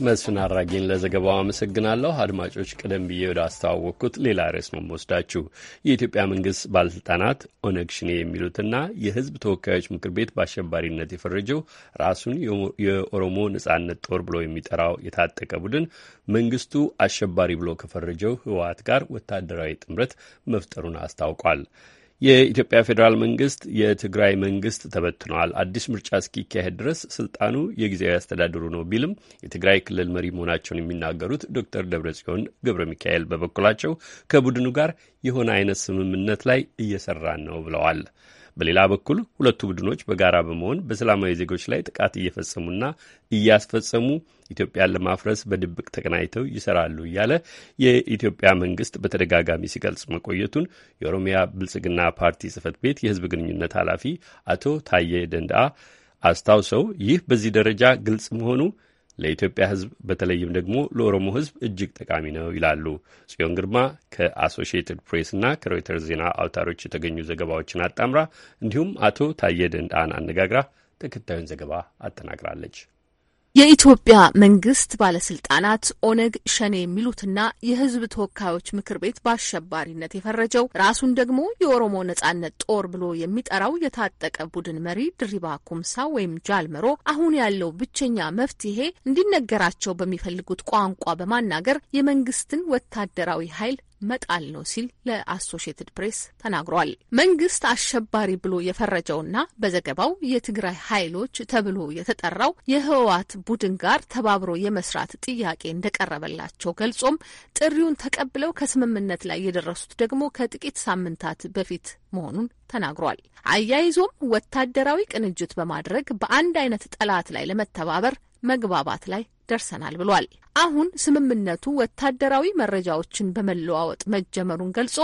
መስፍን አራጌን ለዘገባው አመሰግናለሁ። አድማጮች፣ ቀደም ብዬ ወደ አስተዋወቅኩት ሌላ ርዕስ ነው ወስዳችሁ የኢትዮጵያ መንግስት ባለስልጣናት ኦነግ ሽኔ የሚሉትና የህዝብ ተወካዮች ምክር ቤት በአሸባሪነት የፈረጀው ራሱን የኦሮሞ ነጻነት ጦር ብሎ የሚጠራው የታጠቀ ቡድን መንግስቱ አሸባሪ ብሎ ከፈረጀው ህወሓት ጋር ወታደራዊ ጥምረት መፍጠሩን አስታውቋል። የኢትዮጵያ ፌዴራል መንግስት የትግራይ መንግስት ተበትነዋል፣ አዲስ ምርጫ እስኪካሄድ ድረስ ስልጣኑ የጊዜያዊ አስተዳደሩ ነው ቢልም የትግራይ ክልል መሪ መሆናቸውን የሚናገሩት ዶክተር ደብረጽዮን ገብረ ሚካኤል በበኩላቸው ከቡድኑ ጋር የሆነ አይነት ስምምነት ላይ እየሰራን ነው ብለዋል። በሌላ በኩል ሁለቱ ቡድኖች በጋራ በመሆን በሰላማዊ ዜጎች ላይ ጥቃት እየፈጸሙና እያስፈጸሙ ኢትዮጵያን ለማፍረስ በድብቅ ተቀናይተው ይሰራሉ እያለ የኢትዮጵያ መንግስት በተደጋጋሚ ሲገልጽ መቆየቱን የኦሮሚያ ብልጽግና ፓርቲ ጽህፈት ቤት የህዝብ ግንኙነት ኃላፊ አቶ ታዬ ደንዳአ አስታውሰው ይህ በዚህ ደረጃ ግልጽ መሆኑ ለኢትዮጵያ ሕዝብ በተለይም ደግሞ ለኦሮሞ ሕዝብ እጅግ ጠቃሚ ነው ይላሉ። ጽዮን ግርማ ፕሬስ እና ከሮይተርስ ዜና አውታሮች የተገኙ ዘገባዎችን አጣምራ እንዲሁም አቶ ታየ ደንዳን አነጋግራ ተከታዩን ዘገባ አጠናቅራለች። የኢትዮጵያ መንግስት ባለስልጣናት ኦነግ ሸኔ የሚሉትና የህዝብ ተወካዮች ምክር ቤት በአሸባሪነት የፈረጀው ራሱን ደግሞ የኦሮሞ ነጻነት ጦር ብሎ የሚጠራው የታጠቀ ቡድን መሪ ድሪባ ኩምሳ ወይም ጃልመሮ አሁን ያለው ብቸኛ መፍትሄ እንዲነገራቸው በሚፈልጉት ቋንቋ በማናገር የመንግስትን ወታደራዊ ኃይል መጣል ነው ሲል ለአሶሽየትድ ፕሬስ ተናግሯል። መንግስት አሸባሪ ብሎ የፈረጀውና በዘገባው የትግራይ ኃይሎች ተብሎ የተጠራው የህወሓት ቡድን ጋር ተባብሮ የመስራት ጥያቄ እንደቀረበላቸው ገልጾም ጥሪውን ተቀብለው ከስምምነት ላይ የደረሱት ደግሞ ከጥቂት ሳምንታት በፊት መሆኑን ተናግሯል። አያይዞም ወታደራዊ ቅንጅት በማድረግ በአንድ አይነት ጠላት ላይ ለመተባበር መግባባት ላይ ደርሰናል ብሏል። አሁን ስምምነቱ ወታደራዊ መረጃዎችን በመለዋወጥ መጀመሩን ገልጾ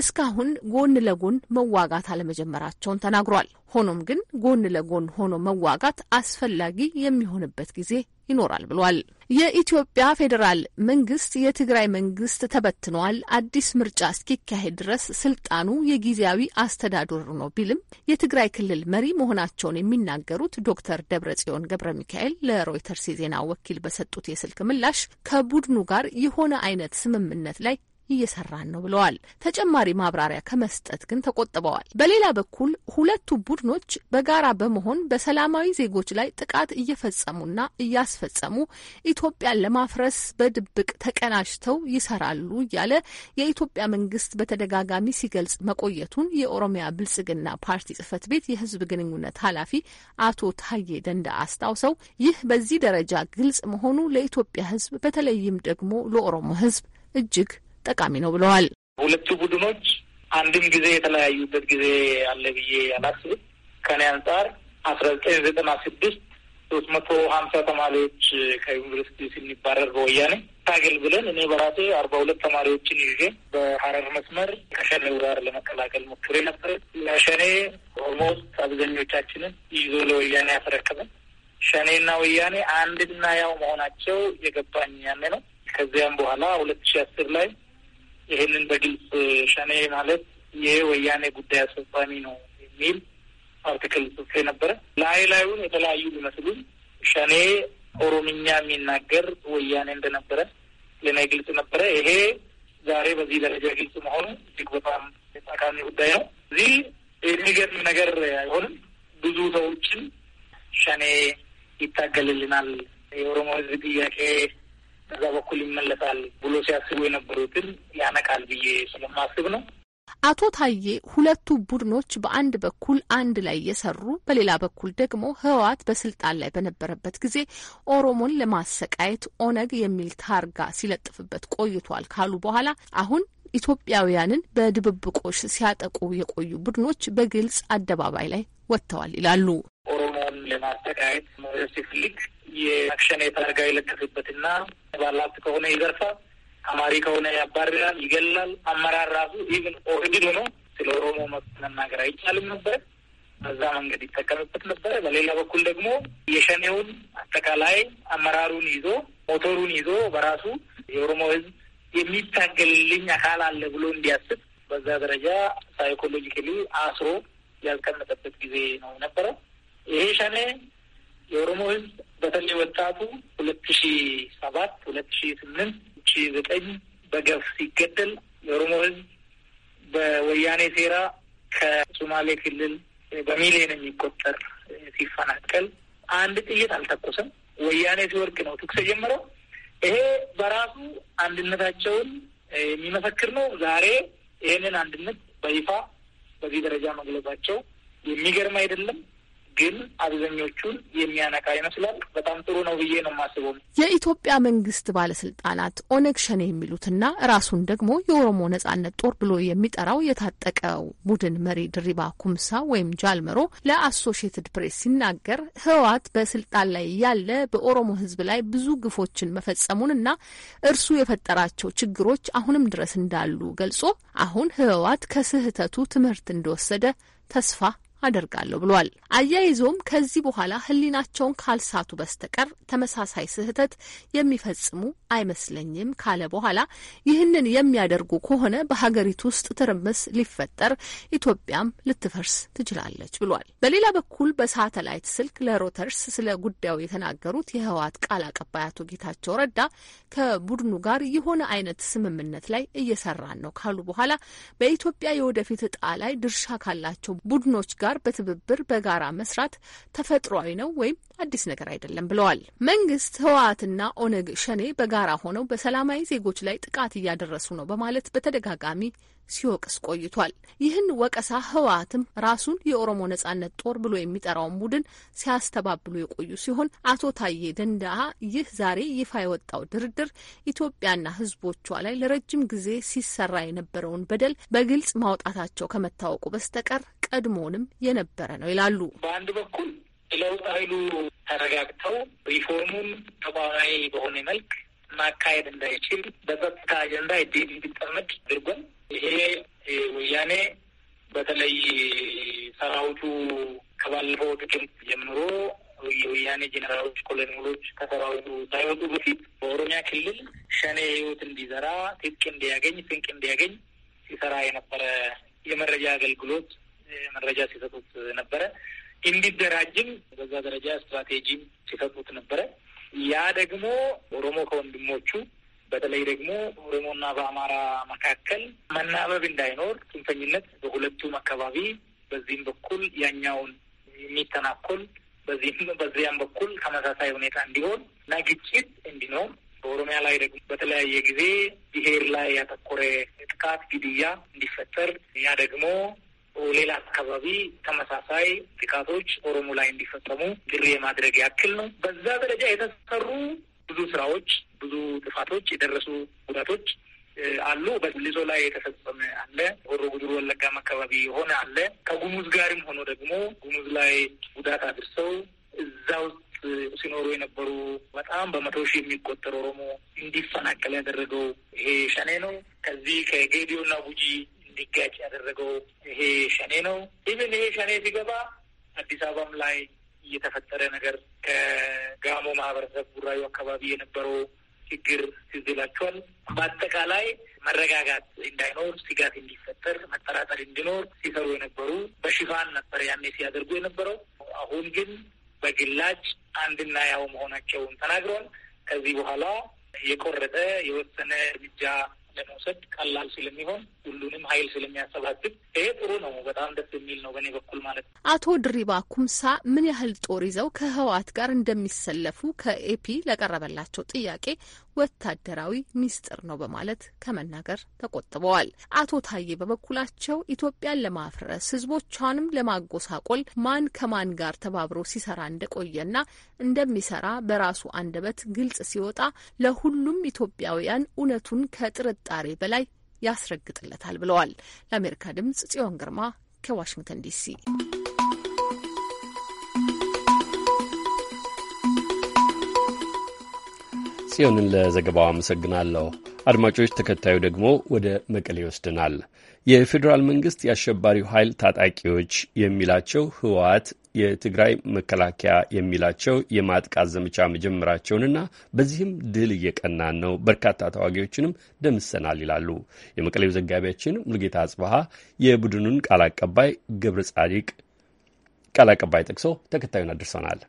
እስካሁን ጎን ለጎን መዋጋት አለመጀመራቸውን ተናግሯል። ሆኖም ግን ጎን ለጎን ሆኖ መዋጋት አስፈላጊ የሚሆንበት ጊዜ ይኖራል ብሏል። የኢትዮጵያ ፌዴራል መንግስት የትግራይ መንግስት ተበትኗል፣ አዲስ ምርጫ እስኪካሄድ ድረስ ስልጣኑ የጊዜያዊ አስተዳደር ነው ቢልም የትግራይ ክልል መሪ መሆናቸውን የሚናገሩት ዶክተር ደብረጽዮን ገብረ ሚካኤል ለሮይተርስ የዜና ወኪል በሰጡት የስልክ ምላሽ ከቡድኑ ጋር የሆነ አይነት ስምምነት ላይ እየሰራን ነው ብለዋል። ተጨማሪ ማብራሪያ ከመስጠት ግን ተቆጥበዋል። በሌላ በኩል ሁለቱ ቡድኖች በጋራ በመሆን በሰላማዊ ዜጎች ላይ ጥቃት እየፈጸሙና እያስፈጸሙ ኢትዮጵያን ለማፍረስ በድብቅ ተቀናጅተው ይሰራሉ እያለ የኢትዮጵያ መንግስት በተደጋጋሚ ሲገልጽ መቆየቱን የኦሮሚያ ብልጽግና ፓርቲ ጽህፈት ቤት የህዝብ ግንኙነት ኃላፊ አቶ ታዬ ደንዳ አስታውሰው ይህ በዚህ ደረጃ ግልጽ መሆኑ ለኢትዮጵያ ህዝብ በተለይም ደግሞ ለኦሮሞ ህዝብ እጅግ ጠቃሚ ነው ብለዋል። ሁለቱ ቡድኖች አንድም ጊዜ የተለያዩበት ጊዜ አለ ብዬ አላስብም። ከኔ አንጻር አስራ ዘጠኝ ዘጠና ስድስት ሶስት መቶ ሀምሳ ተማሪዎች ከዩኒቨርሲቲ ስንባረር በወያኔ ታገል ብለን እኔ በራሴ አርባ ሁለት ተማሪዎችን ይዤ በሀረር መስመር ከሸኔ ጋር ለመቀላቀል ሞክሬ ነበር። ለሸኔ ኦልሞስት አብዛኞቻችንን ይዞ ለወያኔ ያስረከበን ሸኔና ወያኔ አንድና ያው መሆናቸው የገባኝ ያኔ ነው። ከዚያም በኋላ ሁለት ሺ አስር ላይ ይህንን በግልጽ ሸኔ ማለት የወያኔ ወያኔ ጉዳይ አስፈጻሚ ነው የሚል አርቲክል ጽፌ ነበረ። ላይ ላዩን የተለያዩ ቢመስሉም ሸኔ ኦሮምኛ የሚናገር ወያኔ እንደነበረ ለእኔ ግልጽ ነበረ። ይሄ ዛሬ በዚህ ደረጃ ግልጽ መሆኑ እጅግ በጣም ጠቃሚ ጉዳይ ነው። እዚህ የሚገርም ነገር አይሆንም። ብዙ ሰዎችን ሸኔ ይታገልልናል፣ የኦሮሞ ሕዝብ ጥያቄ በዛ በኩል ይመለሳል ብሎ ሲያስቡ የነበሩትን ያነቃል ብዬ ስለማስብ ነው። አቶ ታዬ ሁለቱ ቡድኖች በአንድ በኩል አንድ ላይ የሰሩ በሌላ በኩል ደግሞ ህወሓት በስልጣን ላይ በነበረበት ጊዜ ኦሮሞን ለማሰቃየት ኦነግ የሚል ታርጋ ሲለጥፍበት ቆይቷል ካሉ በኋላ አሁን ኢትዮጵያውያንን በድብብቆሽ ሲያጠቁ የቆዩ ቡድኖች በግልጽ አደባባይ ላይ ወጥተዋል ይላሉ። ኦሮሞን ለማስተቃየት ሲፈልግ የአክሽን የታርጋ ይለጥፍበትና ባላት ከሆነ ይዘርፋል፣ አማሪ ከሆነ ያባርራል፣ ይገላል። አመራር ራሱ ኢቭን ኦህዴድ ሆኖ ስለ ኦሮሞ መናገር አይቻልም ነበር። በዛ መንገድ ይጠቀምበት ነበረ። በሌላ በኩል ደግሞ የሸኔውን አጠቃላይ አመራሩን ይዞ ሞተሩን ይዞ በራሱ የኦሮሞ ህዝብ የሚታገልልኝ አካል አለ ብሎ እንዲያስብ በዛ ደረጃ ሳይኮሎጂካሊ አስሮ ያስቀመጠበት ጊዜ ነው ነበረው። ይሄ ሸኔ የኦሮሞ ህዝብ በተለይ ወጣቱ ሁለት ሺ ሰባት ሁለት ሺ ስምንት ሺ ዘጠኝ በገፍ ሲገደል የኦሮሞ ህዝብ በወያኔ ሴራ ከሶማሌ ክልል በሚሊዮን የሚቆጠር ሲፈናቀል አንድ ጥይት አልተኮሰም። ወያኔ ሲወርቅ ነው ትኩስ የጀመረው። ይሄ በራሱ አንድነታቸውን የሚመሰክር ነው። ዛሬ ይህንን አንድነት በይፋ በዚህ ደረጃ መግለጻቸው የሚገርም አይደለም። ግን አብዛኞቹን የሚያነካ ይመስላል። በጣም ጥሩ ነው ብዬ ነው የማስበው። የኢትዮጵያ መንግስት ባለስልጣናት ኦነግ ሸኔ የሚሉትና ራሱን ደግሞ የኦሮሞ ነጻነት ጦር ብሎ የሚጠራው የታጠቀው ቡድን መሪ ድሪባ ኩምሳ ወይም ጃልመሮ ለአሶሽየትድ ፕሬስ ሲናገር ህወሓት በስልጣን ላይ ያለ በኦሮሞ ህዝብ ላይ ብዙ ግፎችን መፈጸሙንና እርሱ የፈጠራቸው ችግሮች አሁንም ድረስ እንዳሉ ገልጾ አሁን ህወሓት ከስህተቱ ትምህርት እንደወሰደ ተስፋ አደርጋለሁ ብሏል። አያይዞም ከዚህ በኋላ ሕሊናቸውን ካልሳቱ በስተቀር ተመሳሳይ ስህተት የሚፈጽሙ አይመስለኝም ካለ በኋላ ይህንን የሚያደርጉ ከሆነ በሀገሪቱ ውስጥ ትርምስ ሊፈጠር ኢትዮጵያም ልትፈርስ ትችላለች ብሏል። በሌላ በኩል በሳተላይት ስልክ ለሮተርስ ስለ ጉዳዩ የተናገሩት የህወሓት ቃል አቀባይ አቶ ጌታቸው ረዳ ከቡድኑ ጋር የሆነ አይነት ስምምነት ላይ እየሰራን ነው ካሉ በኋላ በኢትዮጵያ የወደፊት እጣ ላይ ድርሻ ካላቸው ቡድኖች ጋር ጋር በትብብር በጋራ መስራት ተፈጥሯዊ ነው ወይም አዲስ ነገር አይደለም ብለዋል። መንግስት ህወሓትና ኦነግ ሸኔ በጋራ ሆነው በሰላማዊ ዜጎች ላይ ጥቃት እያደረሱ ነው በማለት በተደጋጋሚ ሲወቅስ ቆይቷል። ይህን ወቀሳ ህወሓትም ራሱን የኦሮሞ ነጻነት ጦር ብሎ የሚጠራውን ቡድን ሲያስተባብሉ የቆዩ ሲሆን አቶ ታዬ ደንደዓ ይህ ዛሬ ይፋ የወጣው ድርድር ኢትዮጵያና ህዝቦቿ ላይ ለረጅም ጊዜ ሲሰራ የነበረውን በደል በግልጽ ማውጣታቸው ከመታወቁ በስተቀር ቀድሞውንም የነበረ ነው ይላሉ። በአንድ በኩል ለውጥ ኃይሉ ተረጋግተው ሪፎርሙን ተቋማዊ በሆነ መልክ ማካሄድ እንዳይችል በጸጥታ አጀንዳ እንዲጠመድ አድርጓል። ይሄ ወያኔ በተለይ ሰራዊቱ ከባለፈው ጥቅምት ጀምሮ የወያኔ ጄኔራሎች፣ ኮሎኔሎች ከሰራዊቱ ሳይወጡ በፊት በኦሮሚያ ክልል ሸኔ ህይወት እንዲዘራ ትጥቅ እንዲያገኝ ስንቅ እንዲያገኝ ሲሰራ የነበረ የመረጃ አገልግሎት መረጃ ሲሰጡት ነበረ። እንዲደራጅም በዛ ደረጃ ስትራቴጂም ሲሰጡት ነበረ። ያ ደግሞ ኦሮሞ ከወንድሞቹ በተለይ ደግሞ በኦሮሞና በአማራ መካከል መናበብ እንዳይኖር ጽንፈኝነት በሁለቱም አካባቢ በዚህም በኩል ያኛውን የሚተናኮል በዚህም በዚያም በኩል ተመሳሳይ ሁኔታ እንዲሆን እና ግጭት እንዲኖር በኦሮሚያ ላይ ደግሞ በተለያየ ጊዜ ብሔር ላይ ያተኮረ ጥቃት፣ ግድያ እንዲፈጠር ያ ደግሞ ሌላ አካባቢ ተመሳሳይ ጥቃቶች ኦሮሞ ላይ እንዲፈጸሙ ግሬ ማድረግ ያክል ነው። በዛ ደረጃ የተሰሩ ብዙ ስራዎች፣ ብዙ ጥፋቶች፣ የደረሱ ጉዳቶች አሉ። በሊዞ ላይ የተፈጸመ አለ። ሆሮ ጉድሩ ወለጋም አካባቢ የሆነ አለ። ከጉሙዝ ጋርም ሆኖ ደግሞ ጉሙዝ ላይ ጉዳት አድርሰው እዛ ውስጥ ሲኖሩ የነበሩ በጣም በመቶ ሺህ የሚቆጠር ኦሮሞ እንዲፈናቀል ያደረገው ይሄ ሸኔ ነው። ከዚህ ከጌዲዮ ጉጂ እንዲጋጭ ያደረገው ይሄ ሸኔ ነው። ኢቨን ይሄ ሸኔ ሲገባ አዲስ አበባም ላይ እየተፈጠረ ነገር ከጋሞ ማህበረሰብ ጉራዩ አካባቢ የነበረው ችግር ይዝላቸዋል። በአጠቃላይ መረጋጋት እንዳይኖር፣ ስጋት እንዲፈጠር፣ መጠራጠር እንዲኖር ሲሰሩ የነበሩ በሽፋን ነበር ያኔ ሲያደርጉ የነበረው። አሁን ግን በግላጭ አንድና ያው መሆናቸውን ተናግረዋል። ከዚህ በኋላ የቆረጠ የወሰነ እርምጃ ለመውሰድ ቀላል ስለሚሆን ሁሉንም ኃይል ስለሚያሰባስብ ይሄ ጥሩ ነው። በጣም ደስ የሚል ነው በእኔ በኩል ማለት ነው። አቶ ድሪባ ኩምሳ ምን ያህል ጦር ይዘው ከህወሓት ጋር እንደሚሰለፉ ከኤፒ ለቀረበላቸው ጥያቄ ወታደራዊ ሚስጥር ነው በማለት ከመናገር ተቆጥበዋል። አቶ ታዬ በበኩላቸው ኢትዮጵያን ለማፍረስ ህዝቦቿንም ለማጎሳቆል ማን ከማን ጋር ተባብሮ ሲሰራ እንደቆየና እንደሚሰራ በራሱ አንደበት ግልጽ ሲወጣ ለሁሉም ኢትዮጵያውያን እውነቱን ከጥርጣሬ በላይ ያስረግጥለታል ብለዋል። ለአሜሪካ ድምጽ ጽዮን ግርማ ከዋሽንግተን ዲሲ ጽዮንን ለዘገባው አመሰግናለሁ። አድማጮች፣ ተከታዩ ደግሞ ወደ መቀሌ ይወስድናል። የፌዴራል መንግስት የአሸባሪው ኃይል ታጣቂዎች የሚላቸው ህወሓት የትግራይ መከላከያ የሚላቸው የማጥቃት ዘመቻ መጀመራቸውንና በዚህም ድል እየቀናን ነው፣ በርካታ ተዋጊዎችንም ደምሰናል ይላሉ። የመቀሌው ዘጋቢያችን ሙልጌታ አጽበሃ የቡድኑን ቃል አቀባይ ገብረ ጻዲቅ ቃል አቀባይ ጠቅሶ ተከታዩን አድርሰናል።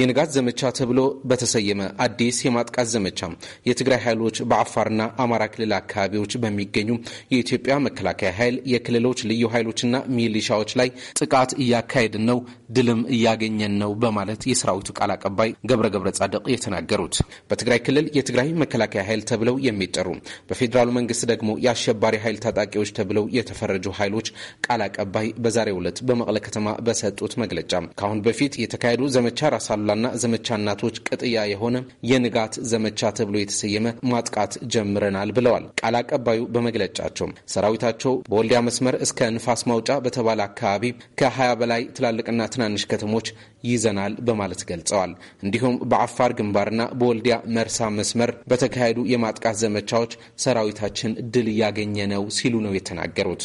የንጋት ዘመቻ ተብሎ በተሰየመ አዲስ የማጥቃት ዘመቻ የትግራይ ኃይሎች በአፋርና አማራ ክልል አካባቢዎች በሚገኙ የኢትዮጵያ መከላከያ ኃይል የክልሎች ልዩ ኃይሎችና ሚሊሻዎች ላይ ጥቃት እያካሄድን ነው፣ ድልም እያገኘን ነው በማለት የሰራዊቱ ቃል አቀባይ ገብረ ገብረ ጻድቅ የተናገሩት በትግራይ ክልል የትግራይ መከላከያ ኃይል ተብለው የሚጠሩ በፌዴራሉ መንግስት ደግሞ የአሸባሪ ኃይል ታጣቂዎች ተብለው የተፈረጁ ኃይሎች ቃል አቀባይ በዛሬው ዕለት በመቀለ ከተማ በሰጡት መግለጫ ከአሁን በፊት የተካሄዱ ዘመቻ ራሳ የተጣላና ዘመቻ እናቶች ቅጥያ የሆነ የንጋት ዘመቻ ተብሎ የተሰየመ ማጥቃት ጀምረናል ብለዋል። ቃል አቀባዩ በመግለጫቸውም ሰራዊታቸው በወልዲያ መስመር እስከ ንፋስ ማውጫ በተባለ አካባቢ ከ20 በላይ ትላልቅና ትናንሽ ከተሞች ይዘናል በማለት ገልጸዋል። እንዲሁም በአፋር ግንባርና በወልዲያ መርሳ መስመር በተካሄዱ የማጥቃት ዘመቻዎች ሰራዊታችን ድል እያገኘ ነው ሲሉ ነው የተናገሩት።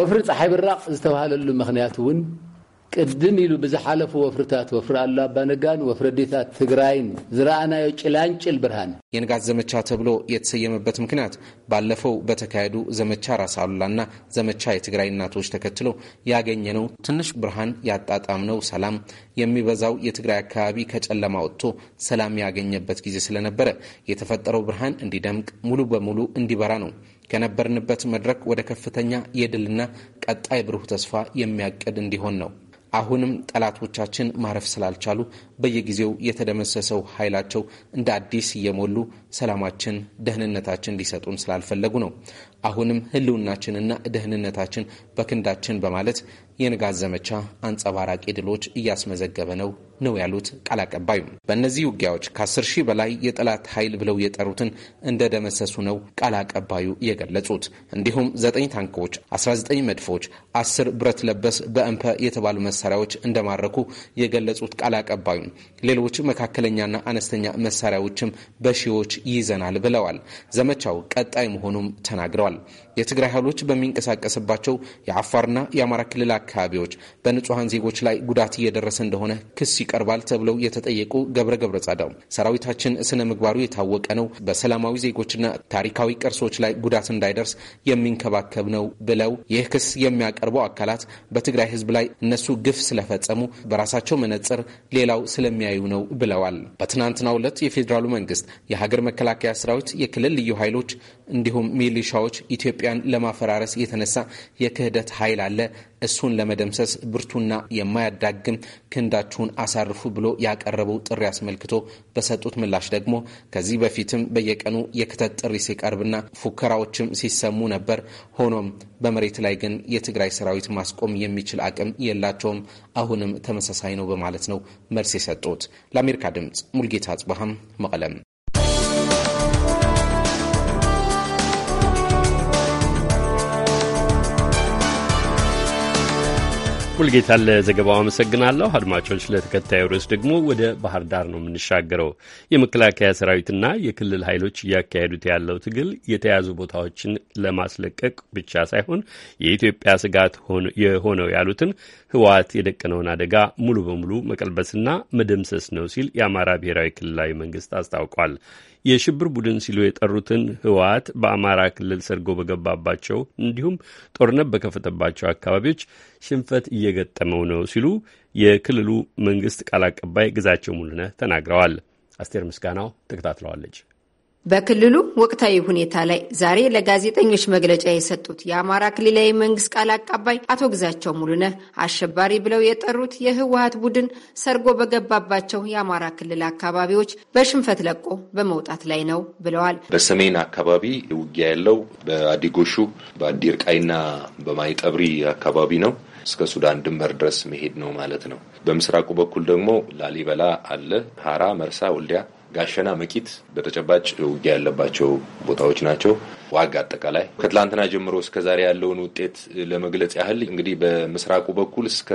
ወፍሪ ፀሐይ ብራቅ ዝተባሃለሉ ምክንያት እውን ቅድም ኢሉ ብዝሓለፉ ወፍርታት ወፍሪ ኣሎ ኣባነጋን ወፍረዴታት ትግራይን ዝረኣናዮ ጭላንጭል ብርሃን የንጋት ዘመቻ ተብሎ የተሰየመበት ምክንያት ባለፈው በተካሄዱ ዘመቻ ራስ አሉላና ዘመቻ የትግራይ እናቶች ተከትሎ ያገኘነው ትንሽ ብርሃን ያጣጣምነው ሰላም የሚበዛው የትግራይ አካባቢ ከጨለማ ወጥቶ ሰላም ያገኘበት ጊዜ ስለነበረ የተፈጠረው ብርሃን እንዲደምቅ ሙሉ በሙሉ እንዲበራ ነው ከነበርንበት መድረክ ወደ ከፍተኛ የድልና ቀጣይ ብሩህ ተስፋ የሚያቅድ እንዲሆን ነው። አሁንም ጠላቶቻችን ማረፍ ስላልቻሉ በየጊዜው የተደመሰሰው ኃይላቸው እንደ አዲስ እየሞሉ ሰላማችን፣ ደህንነታችን ሊሰጡን ስላልፈለጉ ነው። አሁንም ሕልውናችንና ደህንነታችን በክንዳችን በማለት የንጋት ዘመቻ አንጸባራቂ ድሎች እያስመዘገበ ነው ነው ያሉት ቃል አቀባዩ። በእነዚህ ውጊያዎች ከ10 ሺህ በላይ የጠላት ኃይል ብለው የጠሩትን እንደደመሰሱ ነው ቃል አቀባዩ የገለጹት። እንዲሁም 9 ታንኮች፣ 19 መድፎች፣ 10 ብረት ለበስ በእምፐ የተባሉ መሳሪያዎች እንደማረኩ የገለጹት ቃል አቀባዩ ሌሎች መካከለኛና አነስተኛ መሳሪያዎችም በሺዎች ይይዘናል ብለዋል። ዘመቻው ቀጣይ መሆኑም ተናግረዋል። የትግራይ ኃይሎች በሚንቀሳቀስባቸው የአፋርና የአማራ ክልል አካባቢዎች በንጹሐን ዜጎች ላይ ጉዳት እየደረሰ እንደሆነ ክስ ይቀርባል ተብለው የተጠየቁ ገብረ ገብረ ጻዳው ሰራዊታችን ስነ ምግባሩ የታወቀ ነው፣ በሰላማዊ ዜጎችና ታሪካዊ ቅርሶች ላይ ጉዳት እንዳይደርስ የሚንከባከብ ነው ብለው ይህ ክስ የሚያቀርበው አካላት በትግራይ ህዝብ ላይ እነሱ ግፍ ስለፈጸሙ በራሳቸው መነጽር ሌላው ስለሚያዩ ነው ብለዋል። በትናንትናው ዕለት የፌዴራሉ መንግስት የሀገር መከላከያ ሰራዊት፣ የክልል ልዩ ኃይሎች እንዲሁም ሚሊሻዎች ኢትዮጵያን ለማፈራረስ የተነሳ የክህደት ኃይል አለ እሱን ለመደምሰስ ብርቱና የማያዳግም ክንዳችሁን አሳርፉ ብሎ ያቀረበው ጥሪ አስመልክቶ በሰጡት ምላሽ ደግሞ ከዚህ በፊትም በየቀኑ የክተት ጥሪ ሲቀርብና ፉከራዎችም ሲሰሙ ነበር። ሆኖም በመሬት ላይ ግን የትግራይ ሰራዊት ማስቆም የሚችል አቅም የላቸውም፣ አሁንም ተመሳሳይ ነው በማለት ነው መልስ የሰጡት። ለአሜሪካ ድምፅ ሙልጌታ አጽባሃም መቀለም ሙልጌታን ለዘገባው አመሰግናለሁ። አድማጮች፣ ለተከታዩ ርዕስ ደግሞ ወደ ባህር ዳር ነው የምንሻገረው። የመከላከያ ሰራዊትና የክልል ኃይሎች እያካሄዱት ያለው ትግል የተያዙ ቦታዎችን ለማስለቀቅ ብቻ ሳይሆን የኢትዮጵያ ስጋት የሆነው ያሉትን ህወሓት የደቀነውን አደጋ ሙሉ በሙሉ መቀልበስና መደምሰስ ነው ሲል የአማራ ብሔራዊ ክልላዊ መንግስት አስታውቋል። የሽብር ቡድን ሲሉ የጠሩትን ህወሓት በአማራ ክልል ሰርጎ በገባባቸው እንዲሁም ጦርነት በከፈተባቸው አካባቢዎች ሽንፈት እየገጠመው ነው ሲሉ የክልሉ መንግስት ቃል አቀባይ ግዛቸው ሙሉነህ ተናግረዋል። አስቴር ምስጋናው ተከታትለዋለች። በክልሉ ወቅታዊ ሁኔታ ላይ ዛሬ ለጋዜጠኞች መግለጫ የሰጡት የአማራ ክልላዊ መንግስት ቃል አቀባይ አቶ ግዛቸው ሙሉነህ አሸባሪ ብለው የጠሩት የህወሀት ቡድን ሰርጎ በገባባቸው የአማራ ክልል አካባቢዎች በሽንፈት ለቆ በመውጣት ላይ ነው ብለዋል። በሰሜን አካባቢ ውጊያ ያለው በአዲጎሹ በአዲርቃይና በማይጠብሪ አካባቢ ነው። እስከ ሱዳን ድንበር ድረስ መሄድ ነው ማለት ነው። በምስራቁ በኩል ደግሞ ላሊበላ አለ፣ ሀራ፣ መርሳ፣ ወልዲያ ጋሸና፣ መቂት በተጨባጭ ውጊያ ያለባቸው ቦታዎች ናቸው። ዋጋ አጠቃላይ ከትላንትና ጀምሮ እስከዛሬ ያለውን ውጤት ለመግለጽ ያህል እንግዲህ በምስራቁ በኩል እስከ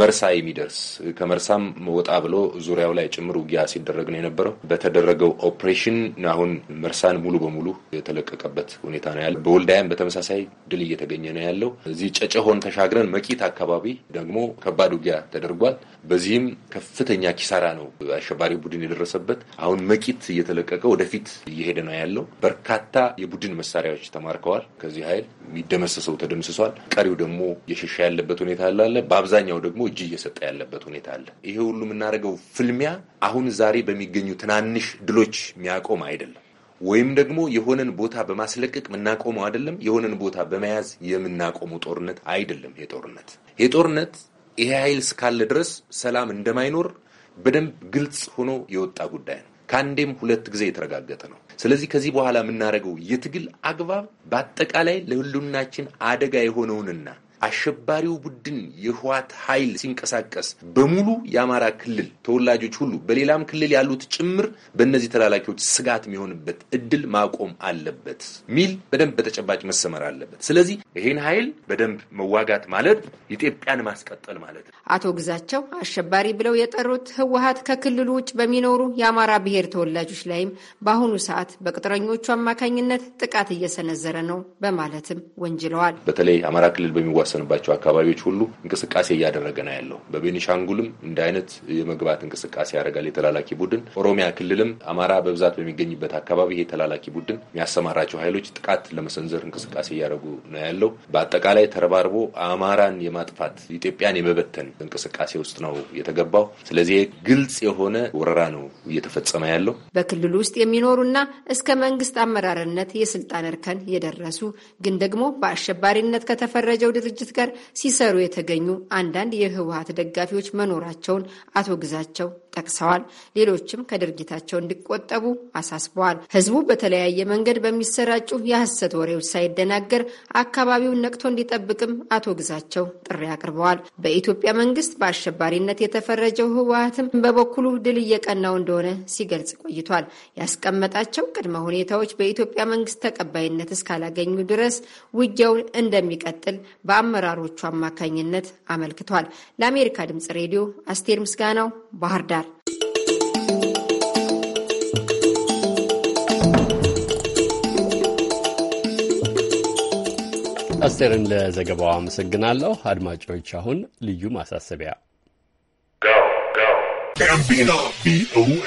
መርሳ የሚደርስ ከመርሳም ወጣ ብሎ ዙሪያው ላይ ጭምር ውጊያ ሲደረግ ነው የነበረው። በተደረገው ኦፕሬሽን አሁን መርሳን ሙሉ በሙሉ የተለቀቀበት ሁኔታ ነው ያለው። በወልዳያም በተመሳሳይ ድል እየተገኘ ነው ያለው። እዚህ ጨጨሆን ተሻግረን መቂት አካባቢ ደግሞ ከባድ ውጊያ ተደርጓል። በዚህም ከፍተኛ ኪሳራ ነው አሸባሪ ቡድን የደረሰበት። አሁን መቂት እየተለቀቀ ወደፊት እየሄደ ነው ያለው። በርካታ የቡድን መስ መሳሪያዎች ተማርከዋል። ከዚህ ኃይል የሚደመሰሰው ተደምስሷል። ቀሪው ደግሞ የሸሻ ያለበት ሁኔታ አለ። በአብዛኛው ደግሞ እጅ እየሰጠ ያለበት ሁኔታ አለ። ይሄ ሁሉ የምናደርገው ፍልሚያ አሁን ዛሬ በሚገኙ ትናንሽ ድሎች የሚያቆም አይደለም ወይም ደግሞ የሆነን ቦታ በማስለቀቅ የምናቆመው አይደለም። የሆነን ቦታ በመያዝ የምናቆመው ጦርነት አይደለም። ይሄ ጦርነት ይሄ ጦርነት ይሄ ኃይል እስካለ ድረስ ሰላም እንደማይኖር በደንብ ግልጽ ሆኖ የወጣ ጉዳይ ነው። ከአንዴም ሁለት ጊዜ የተረጋገጠ ነው። ስለዚህ ከዚህ በኋላ የምናደርገው የትግል አግባብ በአጠቃላይ ለሁሉናችን አደጋ የሆነውንና አሸባሪው ቡድን የህዋት ኃይል ሲንቀሳቀስ በሙሉ የአማራ ክልል ተወላጆች ሁሉ በሌላም ክልል ያሉት ጭምር በእነዚህ ተላላኪዎች ስጋት የሚሆንበት እድል ማቆም አለበት ሚል በደንብ በተጨባጭ መሰመር አለበት። ስለዚህ ይህን ኃይል በደንብ መዋጋት ማለት ኢትዮጵያን ማስቀጠል ማለት ነው። አቶ ግዛቸው አሸባሪ ብለው የጠሩት ህወሀት ከክልሉ ውጭ በሚኖሩ የአማራ ብሔር ተወላጆች ላይም በአሁኑ ሰዓት በቅጥረኞቹ አማካኝነት ጥቃት እየሰነዘረ ነው በማለትም ወንጅለዋል። በተለይ አማራ ክልል በሚዋ በደረሰንባቸው አካባቢዎች ሁሉ እንቅስቃሴ እያደረገ ነው ያለው። በቤኒሻንጉልም እንደ አይነት የመግባት እንቅስቃሴ ያደርጋል የተላላኪ ቡድን። ኦሮሚያ ክልልም አማራ በብዛት በሚገኝበት አካባቢ ይሄ ተላላኪ ቡድን የሚያሰማራቸው ኃይሎች ጥቃት ለመሰንዘር እንቅስቃሴ እያደረጉ ነው ያለው። በአጠቃላይ ተረባርቦ አማራን የማጥፋት ኢትዮጵያን የመበተን እንቅስቃሴ ውስጥ ነው የተገባው። ስለዚህ ግልጽ የሆነ ወረራ ነው እየተፈጸመ ያለው። በክልሉ ውስጥ የሚኖሩና እስከ መንግስት አመራርነት የስልጣን እርከን የደረሱ ግን ደግሞ በአሸባሪነት ከተፈረጀው ድርጅት ድርጅት ጋር ሲሰሩ የተገኙ አንዳንድ የህወሀት ደጋፊዎች መኖራቸውን አቶ ግዛቸው ጠቅሰዋል። ሌሎችም ከድርጊታቸው እንዲቆጠቡ አሳስበዋል። ህዝቡ በተለያየ መንገድ በሚሰራጩ የሐሰት ወሬዎች ሳይደናገር አካባቢውን ነቅቶ እንዲጠብቅም አቶ ግዛቸው ጥሪ አቅርበዋል። በኢትዮጵያ መንግስት በአሸባሪነት የተፈረጀው ህወሀትም በበኩሉ ድል እየቀናው እንደሆነ ሲገልጽ ቆይቷል። ያስቀመጣቸው ቅድመ ሁኔታዎች በኢትዮጵያ መንግስት ተቀባይነት እስካላገኙ ድረስ ውጊያውን እንደሚቀጥል በአ በአመራሮቹ አማካኝነት አመልክቷል። ለአሜሪካ ድምጽ ሬዲዮ አስቴር ምስጋናው ባህር ዳር። አስቴርን ለዘገባው አመሰግናለሁ። አድማጮች፣ አሁን ልዩ ማሳሰቢያ ጋቢና ቪኦኤ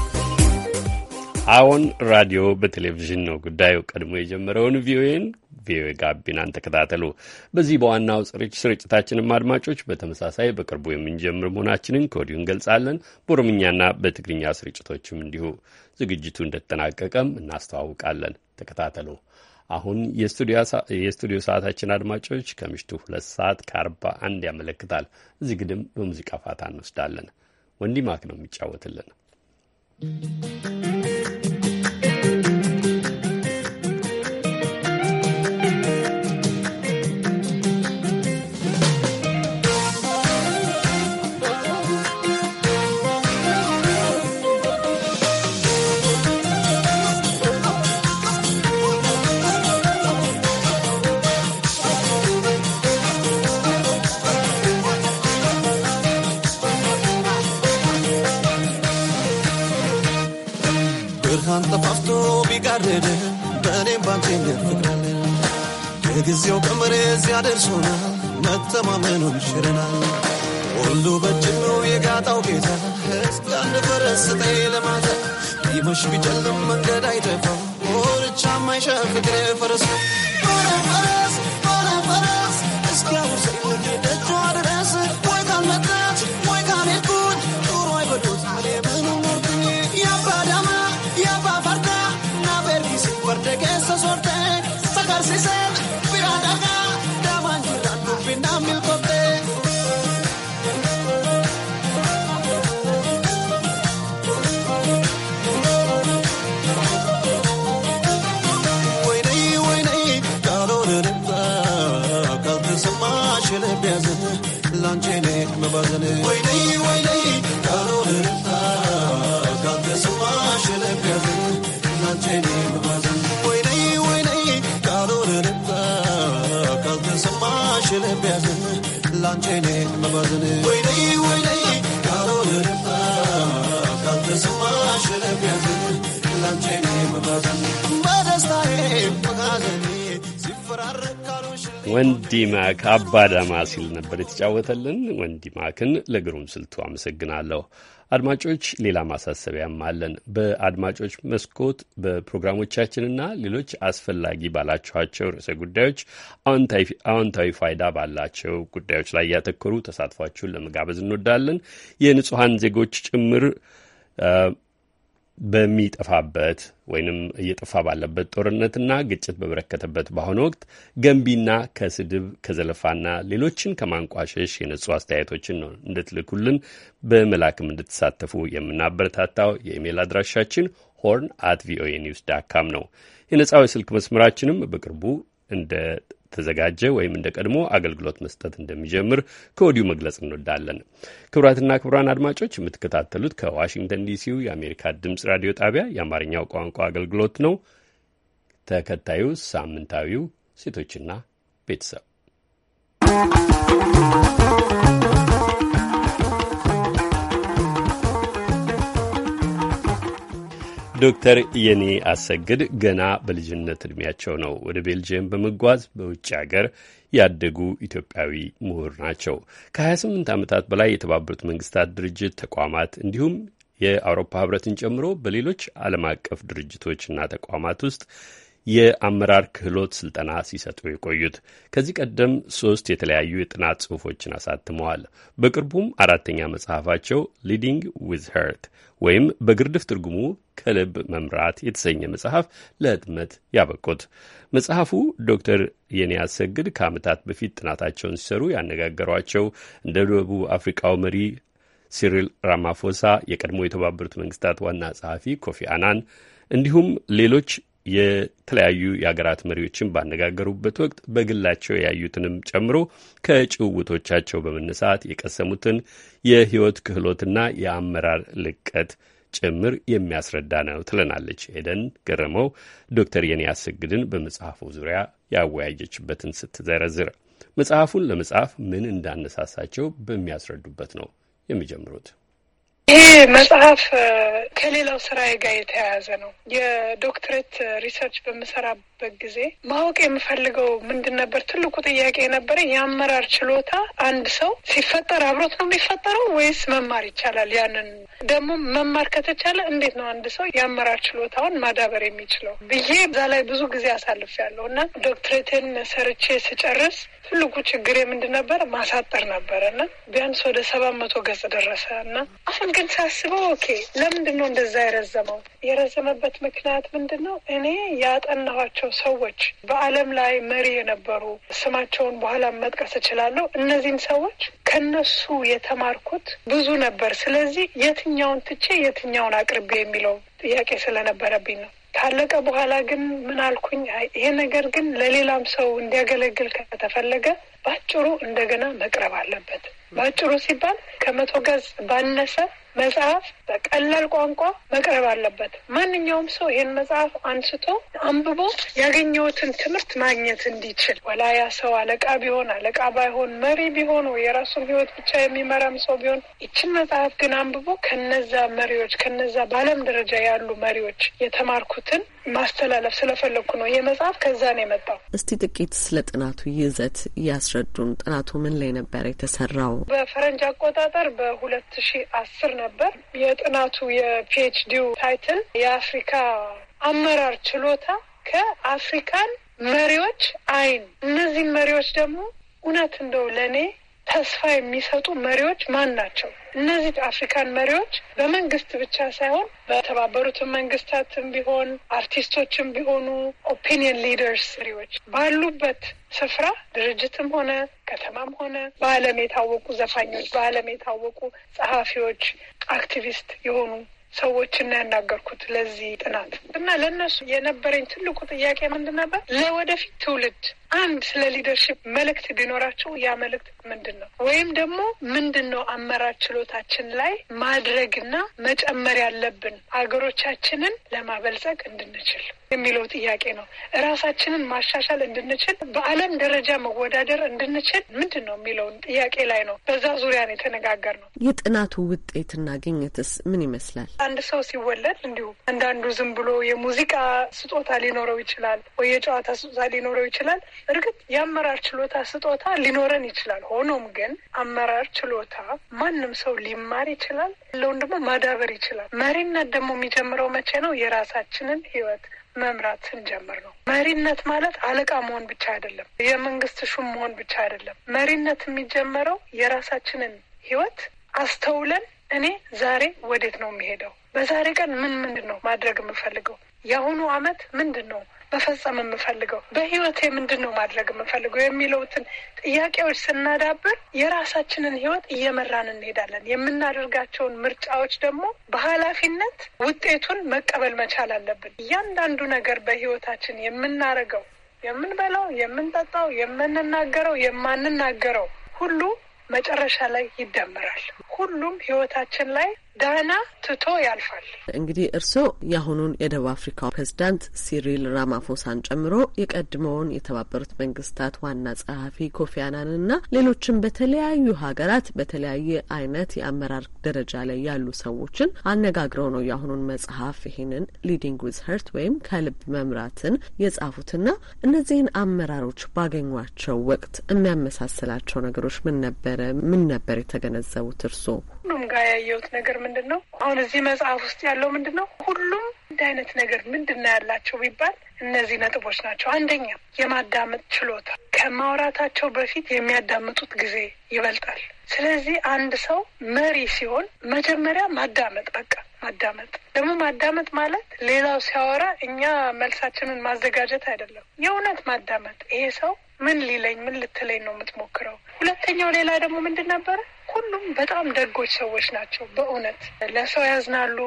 አዎን፣ ራዲዮ በቴሌቪዥን ነው ጉዳዩ። ቀድሞ የጀመረውን ቪኦኤን ቪኦኤ ጋቢናን ተከታተሉ። በዚህ በዋናው ስርጭታችንም አድማጮች በተመሳሳይ በቅርቡ የምንጀምር መሆናችንን ከወዲሁ እንገልጻለን። በኦሮምኛና በትግርኛ ስርጭቶችም እንዲሁ ዝግጅቱ እንደተጠናቀቀም እናስተዋውቃለን። ተከታተሉ። አሁን የስቱዲዮ ሰዓታችን አድማጮች ከምሽቱ ሁለት ሰዓት ከአርባ አንድ ያመለክታል። እዚህ ግድም በሙዚቃ ፋታ እንወስዳለን። ወንዲ ማክ ነው የሚጫወትልን። ፍቅር የጊዜው ቀመር ሲያደርሶናል መተማመኑ ይሽረናል ሁሉ በእጅ ነው የጋጣው ጌታ እስኪያን በረስጠ ለማታ ሊመሽ ቢጨልም መንገድ አይጠፋ ወርቻ ማይሻ ፍቅር ፈረሱ ፈረስ This I'm ወንዲማክ አባዳማ ሲል ነበር የተጫወተልን። ወንዲማክን ለግሩም ስልቱ አመሰግናለሁ። አድማጮች፣ ሌላ ማሳሰቢያም አለን። በአድማጮች መስኮት በፕሮግራሞቻችንና ሌሎች አስፈላጊ ባላችኋቸው ርዕሰ ጉዳዮች አዎንታዊ ፋይዳ ባላቸው ጉዳዮች ላይ እያተኮሩ ተሳትፏችሁን ለመጋበዝ እንወዳለን። የንጹሐን ዜጎች ጭምር በሚጠፋበት ወይንም እየጠፋ ባለበት ጦርነትና ግጭት በበረከተበት በአሁኑ ወቅት ገንቢና ከስድብ ከዘለፋና ሌሎችን ከማንቋሸሽ የነጹ አስተያየቶችን ነው እንድትልኩልን በመላክም እንድትሳተፉ የምናበረታታው የኢሜይል አድራሻችን ሆርን አት ቪኦኤ ኒውስ ዳት ካም ነው። የነጻው የስልክ መስመራችንም በቅርቡ እንደ እንደተዘጋጀ ወይም እንደ ቀድሞ አገልግሎት መስጠት እንደሚጀምር ከወዲሁ መግለጽ እንወዳለን። ክቡራትና ክቡራን አድማጮች የምትከታተሉት ከዋሽንግተን ዲሲው የአሜሪካ ድምፅ ራዲዮ ጣቢያ የአማርኛው ቋንቋ አገልግሎት ነው። ተከታዩ ሳምንታዊው ሴቶችና ቤተሰብ ዶክተር የኔ አሰግድ ገና በልጅነት ዕድሜያቸው ነው ወደ ቤልጅየም በመጓዝ በውጭ አገር ያደጉ ኢትዮጵያዊ ምሁር ናቸው። ከ28 ዓመታት በላይ የተባበሩት መንግስታት ድርጅት ተቋማት እንዲሁም የአውሮፓ ህብረትን ጨምሮ በሌሎች ዓለም አቀፍ ድርጅቶችና ተቋማት ውስጥ የአመራር ክህሎት ስልጠና ሲሰጡ የቆዩት። ከዚህ ቀደም ሶስት የተለያዩ የጥናት ጽሑፎችን አሳትመዋል። በቅርቡም አራተኛ መጽሐፋቸው ሊዲንግ ዊዝ ሄርት ወይም በግርድፍ ትርጉሙ ከልብ መምራት የተሰኘ መጽሐፍ ለህትመት ያበቁት መጽሐፉ ዶክተር የኔ ሰግድ ከዓመታት በፊት ጥናታቸውን ሲሰሩ ያነጋገሯቸው እንደ ደቡብ አፍሪካው መሪ ሲሪል ራማፎሳ፣ የቀድሞ የተባበሩት መንግስታት ዋና ጸሐፊ ኮፊ አናን እንዲሁም ሌሎች የተለያዩ የሀገራት መሪዎችን ባነጋገሩበት ወቅት በግላቸው ያዩትንም ጨምሮ ከጭውውቶቻቸው በመነሳት የቀሰሙትን የህይወት ክህሎትና የአመራር ልቀት ጭምር የሚያስረዳ ነው ትለናለች ኤደን ገረመው ዶክተር የኔ ያስግድን በመጽሐፉ ዙሪያ ያወያየችበትን ስትዘረዝር መጽሐፉን ለመጽሐፍ ምን እንዳነሳሳቸው በሚያስረዱበት ነው የሚጀምሩት። ይሄ መጽሐፍ ከሌላው ስራዬ ጋር የተያያዘ ነው። የዶክትሬት ሪሰርች በምሰራ በነበረበት ጊዜ ማወቅ የምፈልገው ምንድን ነበር? ትልቁ ጥያቄ የነበረ የአመራር ችሎታ አንድ ሰው ሲፈጠር አብሮት ነው የሚፈጠረው ወይስ መማር ይቻላል? ያንን ደግሞ መማር ከተቻለ እንዴት ነው አንድ ሰው የአመራር ችሎታውን ማዳበር የሚችለው ብዬ እዛ ላይ ብዙ ጊዜ ያለው እና ዶክትሬትን ሰርቼ ስጨርስ ትልቁ ችግሬ ምንድን ነበር? ማሳጠር ነበረ እና ቢያንስ ወደ ሰባት መቶ ገጽ ደረሰ እና አሁን ግን ሳስበው ኦኬ ለምንድን ነው እንደዛ የረዘመው? የረዘመበት ምክንያት ምንድን ነው? እኔ ያጠናኋቸው ሰዎች በዓለም ላይ መሪ የነበሩ ስማቸውን በኋላ መጥቀስ እችላለሁ። እነዚህን ሰዎች ከነሱ የተማርኩት ብዙ ነበር። ስለዚህ የትኛውን ትቼ የትኛውን አቅርቤ የሚለው ጥያቄ ስለነበረብኝ ነው። ካለቀ በኋላ ግን ምን አልኩኝ፣ ይሄ ነገር ግን ለሌላም ሰው እንዲያገለግል ከተፈለገ በአጭሩ እንደገና መቅረብ አለበት። ባጭሩ ሲባል ከመቶ ገጽ ባነሰ መጽሐፍ በቀላል ቋንቋ መቅረብ አለበት። ማንኛውም ሰው ይህን መጽሐፍ አንስቶ አንብቦ ያገኘሁትን ትምህርት ማግኘት እንዲችል ወላያ ሰው አለቃ ቢሆን አለቃ ባይሆን መሪ ቢሆን ወይ የራሱን ህይወት ብቻ የሚመራም ሰው ቢሆን ይችን መጽሐፍ ግን አንብቦ ከነዛ መሪዎች ከነዛ በዓለም ደረጃ ያሉ መሪዎች የተማርኩትን ማስተላለፍ ስለፈለግኩ ነው። ይህ መጽሐፍ ከዛ ነው የመጣው። እስቲ ጥቂት ስለ ጥናቱ ይዘት ያስረዱን። ጥናቱ ምን ላይ ነበር የተሰራው? በፈረንጅ አቆጣጠር በሁለት ሺ አስር ነበር። የጥናቱ የፒኤችዲው ታይትል የአፍሪካ አመራር ችሎታ ከአፍሪካን መሪዎች አይን። እነዚህ መሪዎች ደግሞ እውነት እንደው ለእኔ ተስፋ የሚሰጡ መሪዎች ማን ናቸው? እነዚህ አፍሪካን መሪዎች በመንግስት ብቻ ሳይሆን በተባበሩትን መንግስታትም ቢሆን አርቲስቶችም ቢሆኑ ኦፒኒየን ሊደርስ መሪዎች ባሉበት ስፍራ ድርጅትም ሆነ ከተማም ሆነ በዓለም የታወቁ ዘፋኞች፣ በዓለም የታወቁ ጸሐፊዎች፣ አክቲቪስት የሆኑ ሰዎችና ያናገርኩት ለዚህ ጥናት እና ለእነሱ የነበረኝ ትልቁ ጥያቄ ምንድን ነበር? ለወደፊት ትውልድ አንድ ስለ ሊደርሽፕ መልእክት ቢኖራቸው ያ መልእክት ምንድን ነው? ወይም ደግሞ ምንድን ነው አመራር ችሎታችን ላይ ማድረግና መጨመር ያለብን አገሮቻችንን ለማበልጸግ እንድንችል የሚለው ጥያቄ ነው። እራሳችንን ማሻሻል እንድንችል በዓለም ደረጃ መወዳደር እንድንችል ምንድን ነው የሚለውን ጥያቄ ላይ ነው። በዛ ዙሪያ ነው የተነጋገር ነው። የጥናቱ ውጤትና ግኝትስ ምን ይመስላል? አንድ ሰው ሲወለድ እንዲሁ አንዳንዱ ዝም ብሎ የሙዚቃ ስጦታ ሊኖረው ይችላል፣ ወይ የጨዋታ ስጦታ ሊኖረው ይችላል። እርግጥ የአመራር ችሎታ ስጦታ ሊኖረን ይችላል። ሆኖም ግን አመራር ችሎታ ማንም ሰው ሊማር ይችላል፣ ያለውን ደግሞ ማዳበር ይችላል። መሪነት ደግሞ የሚጀምረው መቼ ነው? የራሳችንን ህይወት መምራት ስንጀምር ነው። መሪነት ማለት አለቃ መሆን ብቻ አይደለም፣ የመንግስት ሹም መሆን ብቻ አይደለም። መሪነት የሚጀመረው የራሳችንን ህይወት አስተውለን እኔ ዛሬ ወዴት ነው የሚሄደው? በዛሬ ቀን ምን ምንድን ነው ማድረግ የምፈልገው? የአሁኑ አመት ምንድን ነው መፈጸም የምፈልገው በህይወቴ ምንድን ነው ማድረግ የምፈልገው የሚለውትን ጥያቄዎች ስናዳብር የራሳችንን ህይወት እየመራን እንሄዳለን። የምናደርጋቸውን ምርጫዎች ደግሞ በኃላፊነት ውጤቱን መቀበል መቻል አለብን። እያንዳንዱ ነገር በህይወታችን የምናደርገው የምንበላው፣ የምንጠጣው፣ የምንናገረው፣ የማንናገረው ሁሉ መጨረሻ ላይ ይደመራል። ሁሉም ህይወታችን ላይ ዳና ትቶ ያልፋል። እንግዲህ እርስዎ የአሁኑን የደቡብ አፍሪካ ፕሬዚዳንት ሲሪል ራማፎሳን ጨምሮ የቀድሞውን የተባበሩት መንግስታት ዋና ጸሐፊ ኮፊ አናንና ሌሎችን በተለያዩ ሀገራት በተለያየ አይነት የአመራር ደረጃ ላይ ያሉ ሰዎችን አነጋግረው ነው የአሁኑን መጽሐፍ ይህንን ሊዲንግ ዊዝ ሀርት ወይም ከልብ መምራትን የጻፉትና እነዚህን አመራሮች ባገኟቸው ወቅት የሚያመሳስላቸው ነገሮች ምን ነበረ? ምን ነበር የተገነዘቡት እርስ አነሱ። ሁሉም ጋር ያየሁት ነገር ምንድን ነው አሁን እዚህ መጽሐፍ ውስጥ ያለው ምንድን ነው? ሁሉም አንድ አይነት ነገር ምንድን ነው ያላቸው ቢባል እነዚህ ነጥቦች ናቸው። አንደኛ የማዳመጥ ችሎታ፣ ከማውራታቸው በፊት የሚያዳምጡት ጊዜ ይበልጣል። ስለዚህ አንድ ሰው መሪ ሲሆን መጀመሪያ ማዳመጥ በቃ ማዳመጥ ደግሞ ማዳመጥ ማለት ሌላው ሲያወራ እኛ መልሳችንን ማዘጋጀት አይደለም። የእውነት ማዳመጥ ይሄ ሰው ምን ሊለኝ ምን ልትለኝ ነው የምትሞክረው። ሁለተኛው ሌላ ደግሞ ምንድን ነበረ ሁሉም በጣም ደጎች ሰዎች ናቸው። በእውነት ለሰው ያዝናሉ፣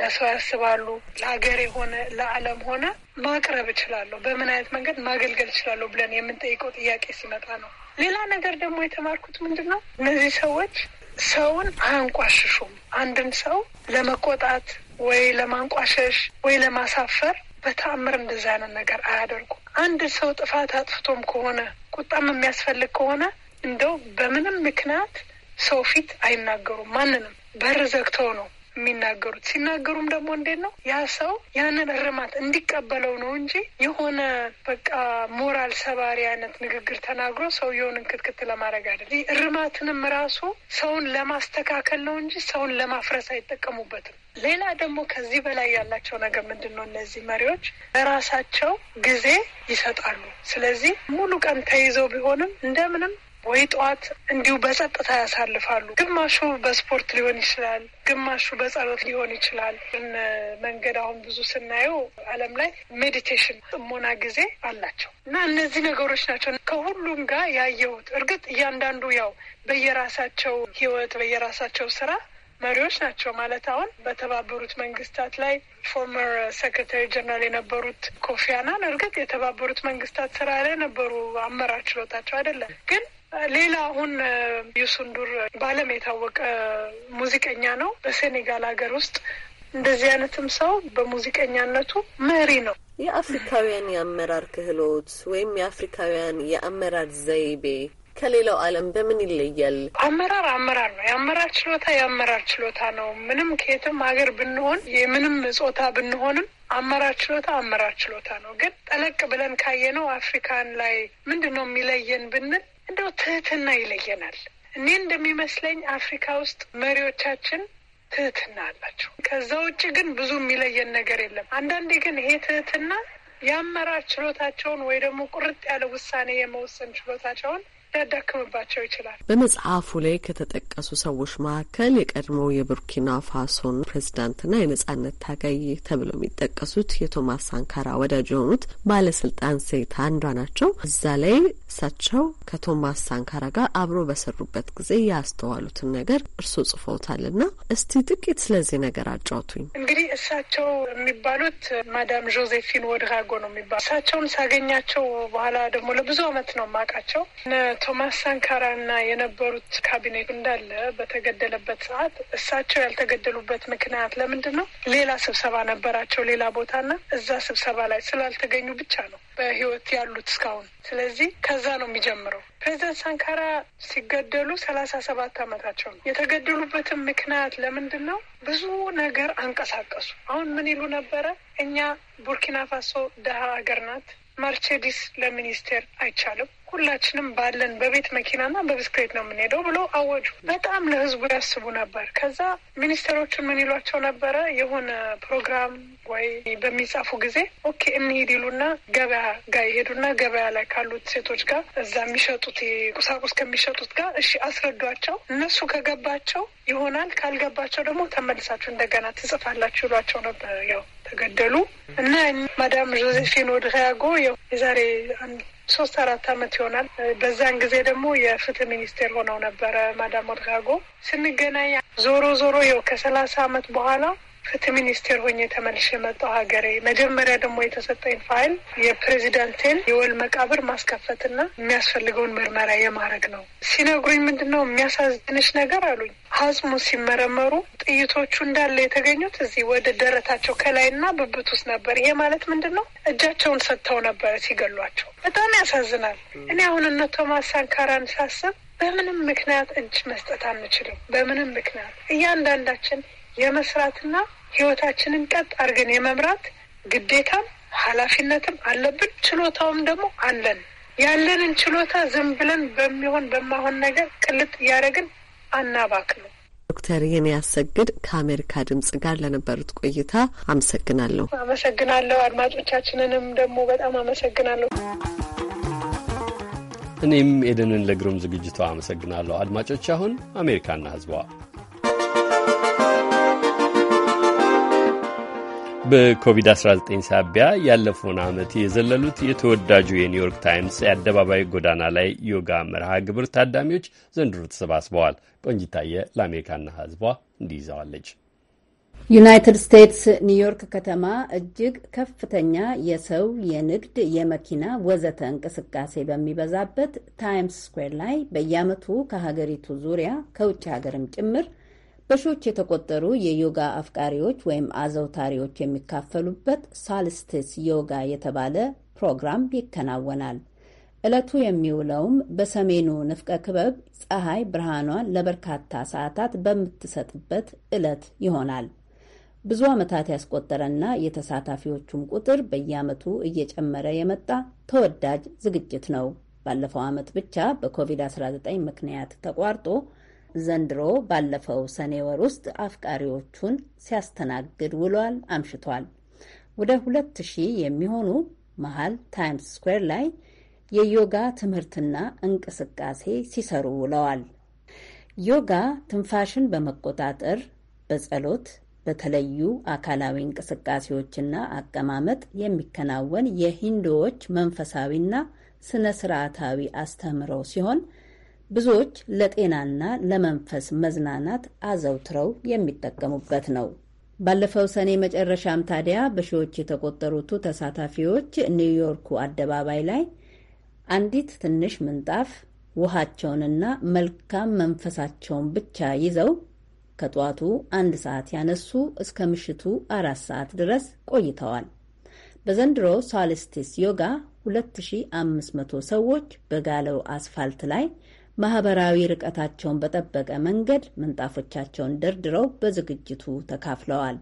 ለሰው ያስባሉ። ለሀገር የሆነ ለዓለም ሆነ ማቅረብ እችላለሁ፣ በምን አይነት መንገድ ማገልገል እችላለሁ ብለን የምንጠይቀው ጥያቄ ሲመጣ ነው። ሌላ ነገር ደግሞ የተማርኩት ምንድን ነው፣ እነዚህ ሰዎች ሰውን አያንቋሽሹም። አንድን ሰው ለመቆጣት ወይ ለማንቋሸሽ ወይ ለማሳፈር በተአምር እንደዚ አይነት ነገር አያደርጉም። አንድ ሰው ጥፋት አጥፍቶም ከሆነ ቁጣም የሚያስፈልግ ከሆነ እንደው በምንም ምክንያት ሰው ፊት አይናገሩም። ማንንም በር ዘግተው ነው የሚናገሩት። ሲናገሩም ደግሞ እንዴት ነው ያ ሰው ያንን እርማት እንዲቀበለው ነው እንጂ የሆነ በቃ ሞራል ሰባሪ አይነት ንግግር ተናግሮ ሰውየውን እንክትክት ለማድረግ አይደለም። እርማትንም ራሱ ሰውን ለማስተካከል ነው እንጂ ሰውን ለማፍረስ አይጠቀሙበትም። ሌላ ደግሞ ከዚህ በላይ ያላቸው ነገር ምንድን ነው? እነዚህ መሪዎች ለራሳቸው ጊዜ ይሰጣሉ። ስለዚህ ሙሉ ቀን ተይዘው ቢሆንም እንደምንም ወይ ጠዋት እንዲሁ በጸጥታ ያሳልፋሉ። ግማሹ በስፖርት ሊሆን ይችላል፣ ግማሹ በጸሎት ሊሆን ይችላል። መንገድ አሁን ብዙ ስናየው ዓለም ላይ ሜዲቴሽን ጥሞና ጊዜ አላቸው እና እነዚህ ነገሮች ናቸው ከሁሉም ጋር ያየሁት። እርግጥ እያንዳንዱ ያው በየራሳቸው ህይወት በየራሳቸው ስራ መሪዎች ናቸው ማለት አሁን በተባበሩት መንግስታት ላይ ፎርመር ሴክሬታሪ ጀነራል የነበሩት ኮፊ አናን እርግጥ የተባበሩት መንግስታት ስራ ላይ ነበሩ። አመራር ችሎታቸው አይደለም ግን ሌላ አሁን ዩሱንዱር በዓለም የታወቀ ሙዚቀኛ ነው። በሴኔጋል ሀገር ውስጥ እንደዚህ አይነትም ሰው በሙዚቀኛነቱ መሪ ነው። የአፍሪካውያን የአመራር ክህሎት ወይም የአፍሪካውያን የአመራር ዘይቤ ከሌላው ዓለም በምን ይለያል? አመራር አመራር ነው። የአመራር ችሎታ የአመራር ችሎታ ነው። ምንም ከየትም ሀገር ብንሆን የምንም ጾታ ብንሆንም አመራር ችሎታ አመራር ችሎታ ነው። ግን ጠለቅ ብለን ካየነው አፍሪካን ላይ ምንድን ነው የሚለየን ብንል እንደው ትህትና ይለየናል። እኔ እንደሚመስለኝ አፍሪካ ውስጥ መሪዎቻችን ትህትና አላቸው። ከዛ ውጭ ግን ብዙ የሚለየን ነገር የለም። አንዳንዴ ግን ይሄ ትህትና የአመራር ችሎታቸውን ወይ ደግሞ ቁርጥ ያለ ውሳኔ የመወሰን ችሎታቸውን ሊያዳክምባቸው ይችላል። በመጽሐፉ ላይ ከተጠቀሱ ሰዎች መካከል የቀድሞው የቡርኪና ፋሶን ፕሬዚዳንትና የነጻነት ታጋይ ተብለው የሚጠቀሱት የቶማስ ሳንካራ ወዳጅ የሆኑት ባለስልጣን ሴት አንዷ ናቸው። እዛ ላይ እሳቸው ከቶማስ ሳንካራ ጋር አብሮ በሰሩበት ጊዜ ያስተዋሉትን ነገር እርስዎ ጽፈውታልና እስቲ ጥቂት ስለዚህ ነገር አጫውቱኝ። እንግዲህ እሳቸው የሚባሉት ማዳም ጆዜፊን ወድሃጎ ነው የሚባሉ እሳቸውን ሳገኛቸው በኋላ ደግሞ ለብዙ አመት ነው የማውቃቸው ቶማስ ሳንካራ እና የነበሩት ካቢኔት እንዳለ በተገደለበት ሰዓት እሳቸው ያልተገደሉበት ምክንያት ለምንድን ነው? ሌላ ስብሰባ ነበራቸው ሌላ ቦታ እና እዛ ስብሰባ ላይ ስላልተገኙ ብቻ ነው በህይወት ያሉት እስካሁን። ስለዚህ ከዛ ነው የሚጀምረው። ፕሬዚደንት ሳንካራ ሲገደሉ ሰላሳ ሰባት አመታቸው ነው። የተገደሉበትም ምክንያት ለምንድን ነው? ብዙ ነገር አንቀሳቀሱ። አሁን ምን ይሉ ነበረ? እኛ ቡርኪና ፋሶ ደሀ ሀገር ናት፣ ማርቼዲስ ለሚኒስቴር አይቻልም ሁላችንም ባለን በቤት መኪናና በብስክሌት ነው የምንሄደው ብሎ አወጁ። በጣም ለህዝቡ ያስቡ ነበር። ከዛ ሚኒስቴሮቹን ምን ይሏቸው ነበረ? የሆነ ፕሮግራም ወይ በሚጻፉ ጊዜ ኦኬ እንሂድ ይሉና ገበያ ጋር ይሄዱና ገበያ ላይ ካሉት ሴቶች ጋር እዛ የሚሸጡት ቁሳቁስ ከሚሸጡት ጋር እሺ አስረዷቸው። እነሱ ከገባቸው ይሆናል፣ ካልገባቸው ደግሞ ተመልሳችሁ እንደገና ትጽፋላችሁ ይሏቸው ነበር። ያው ተገደሉ እና ማዳም ዦዜፊን ወድሪያጎ የዛሬ ሶስት አራት አመት ይሆናል። በዛን ጊዜ ደግሞ የፍትህ ሚኒስቴር ሆነው ነበረ ማዳም ወድጋጎ ስንገናኝ ዞሮ ዞሮ ይኸው ከሰላሳ አመት በኋላ ፍትህ ሚኒስቴር ሆኜ ተመልሼ የመጣው ሀገሬ። መጀመሪያ ደግሞ የተሰጠኝ ፋይል የፕሬዚዳንቴን የወል መቃብር ማስከፈትና የሚያስፈልገውን ምርመራ የማድረግ ነው። ሲነግሩኝ ምንድን ነው የሚያሳዝንሽ ነገር አሉኝ። አጽሙ ሲመረመሩ ጥይቶቹ እንዳለ የተገኙት እዚህ ወደ ደረታቸው ከላይና ብብት ውስጥ ነበር። ይሄ ማለት ምንድን ነው? እጃቸውን ሰጥተው ነበረ ሲገሏቸው። በጣም ያሳዝናል። እኔ አሁን እነ ቶማስ ሳንካራን ሳስብ በምንም ምክንያት እጅ መስጠት አንችልም። በምንም ምክንያት እያንዳንዳችን የመስራትና ህይወታችንን ቀጥ አድርገን የመምራት ግዴታም ኃላፊነትም አለብን። ችሎታውም ደግሞ አለን። ያለንን ችሎታ ዝም ብለን በሚሆን በማሆን ነገር ቅልጥ እያደረግን አናባክ ነው። ዶክተር የሚያሰግድ ከአሜሪካ ድምጽ ጋር ለነበሩት ቆይታ አመሰግናለሁ። አመሰግናለሁ። አድማጮቻችንንም ደግሞ በጣም አመሰግናለሁ። እኔም ኤደንን ለግሩም ዝግጅቷ አመሰግናለሁ። አድማጮች አሁን አሜሪካና ህዝቧ በኮቪድ-19 ሳቢያ ያለፈውን ዓመት የዘለሉት የተወዳጁ የኒውዮርክ ታይምስ የአደባባይ ጎዳና ላይ ዮጋ መርሃ ግብር ታዳሚዎች ዘንድሮ ተሰባስበዋል። ቆንጅታየ ለአሜሪካና ሕዝቧ እንዲህ ይዘዋለች። ዩናይትድ ስቴትስ ኒውዮርክ ከተማ እጅግ ከፍተኛ የሰው የንግድ፣ የመኪና ወዘተ እንቅስቃሴ በሚበዛበት ታይምስ ስኩዌር ላይ በየዓመቱ ከሀገሪቱ ዙሪያ ከውጭ ሀገርም ጭምር በሺዎች የተቆጠሩ የዮጋ አፍቃሪዎች ወይም አዘውታሪዎች የሚካፈሉበት ሳልስትስ ዮጋ የተባለ ፕሮግራም ይከናወናል። ዕለቱ የሚውለውም በሰሜኑ ንፍቀ ክበብ ፀሐይ ብርሃኗን ለበርካታ ሰዓታት በምትሰጥበት ዕለት ይሆናል። ብዙ ዓመታት ያስቆጠረና የተሳታፊዎቹም ቁጥር በየዓመቱ እየጨመረ የመጣ ተወዳጅ ዝግጅት ነው። ባለፈው ዓመት ብቻ በኮቪድ-19 ምክንያት ተቋርጦ ዘንድሮ ባለፈው ሰኔ ወር ውስጥ አፍቃሪዎቹን ሲያስተናግድ ውሏል አምሽቷል። ወደ ሁለት ሺህ የሚሆኑ መሃል ታይምስ ስኩዌር ላይ የዮጋ ትምህርትና እንቅስቃሴ ሲሰሩ ውለዋል። ዮጋ ትንፋሽን በመቆጣጠር በጸሎት በተለዩ አካላዊ እንቅስቃሴዎችና አቀማመጥ የሚከናወን የሂንዱዎች መንፈሳዊና ስነ ስርዓታዊ አስተምህሮ ሲሆን ብዙዎች ለጤናና ለመንፈስ መዝናናት አዘውትረው የሚጠቀሙበት ነው። ባለፈው ሰኔ መጨረሻም ታዲያ በሺዎች የተቆጠሩት ተሳታፊዎች ኒውዮርኩ አደባባይ ላይ አንዲት ትንሽ ምንጣፍ ውሃቸውንና መልካም መንፈሳቸውን ብቻ ይዘው ከጠዋቱ አንድ ሰዓት ያነሱ እስከ ምሽቱ አራት ሰዓት ድረስ ቆይተዋል። በዘንድሮ ሳልስቲስ ዮጋ 2500 ሰዎች በጋለው አስፋልት ላይ ማህበራዊ ርቀታቸውን በጠበቀ መንገድ ምንጣፎቻቸውን ደርድረው በዝግጅቱ ተካፍለዋል።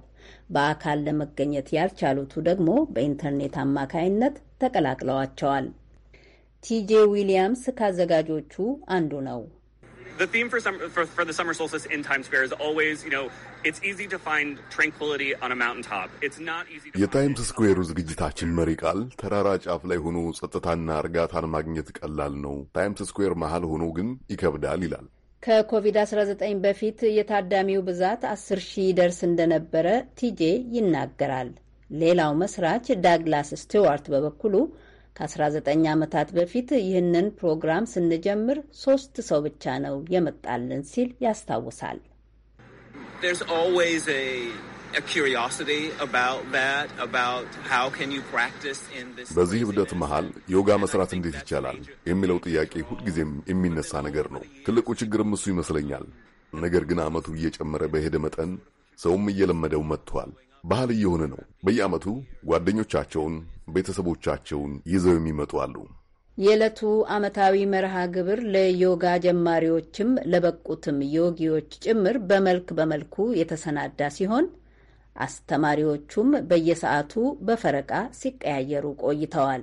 በአካል ለመገኘት ያልቻሉቱ ደግሞ በኢንተርኔት አማካይነት ተቀላቅለዋቸዋል። ቲጄ ዊሊያምስ ካዘጋጆቹ አንዱ ነው። the theme for, summer, for, for the summer solstice in Times Square is always, you know, it's easy to find tranquility on a mountaintop. It's not easy to የታይምስ ስኩዌሩ ዝግጅታችን መሪ ቃል ተራራ ጫፍ ላይ ሆኖ ጸጥታና እርጋታን ማግኘት ቀላል ነው፣ ታይምስ ስኩዌር መሃል ሆኖ ግን ይከብዳል ይላል። ከኮቪድ-19 በፊት የታዳሚው ብዛት 10 ሺህ ይደርስ እንደነበረ ቲጄ ይናገራል። ሌላው መስራች ዳግላስ ስቲዋርት በበኩሉ ከ19 ዓመታት በፊት ይህንን ፕሮግራም ስንጀምር ሶስት ሰው ብቻ ነው የመጣልን ሲል ያስታውሳል። በዚህ እብደት መሃል ዮጋ መስራት እንዴት ይቻላል የሚለው ጥያቄ ሁልጊዜም የሚነሳ ነገር ነው። ትልቁ ችግርም እሱ ይመስለኛል። ነገር ግን ዓመቱ እየጨመረ በሄደ መጠን ሰውም እየለመደው መጥቷል። ባህል እየሆነ ነው። በየዓመቱ ጓደኞቻቸውን፣ ቤተሰቦቻቸውን ይዘው የሚመጡ አሉ። የዕለቱ ዓመታዊ መርሃ ግብር ለዮጋ ጀማሪዎችም ለበቁትም ዮጊዎች ጭምር በመልክ በመልኩ የተሰናዳ ሲሆን አስተማሪዎቹም በየሰዓቱ በፈረቃ ሲቀያየሩ ቆይተዋል።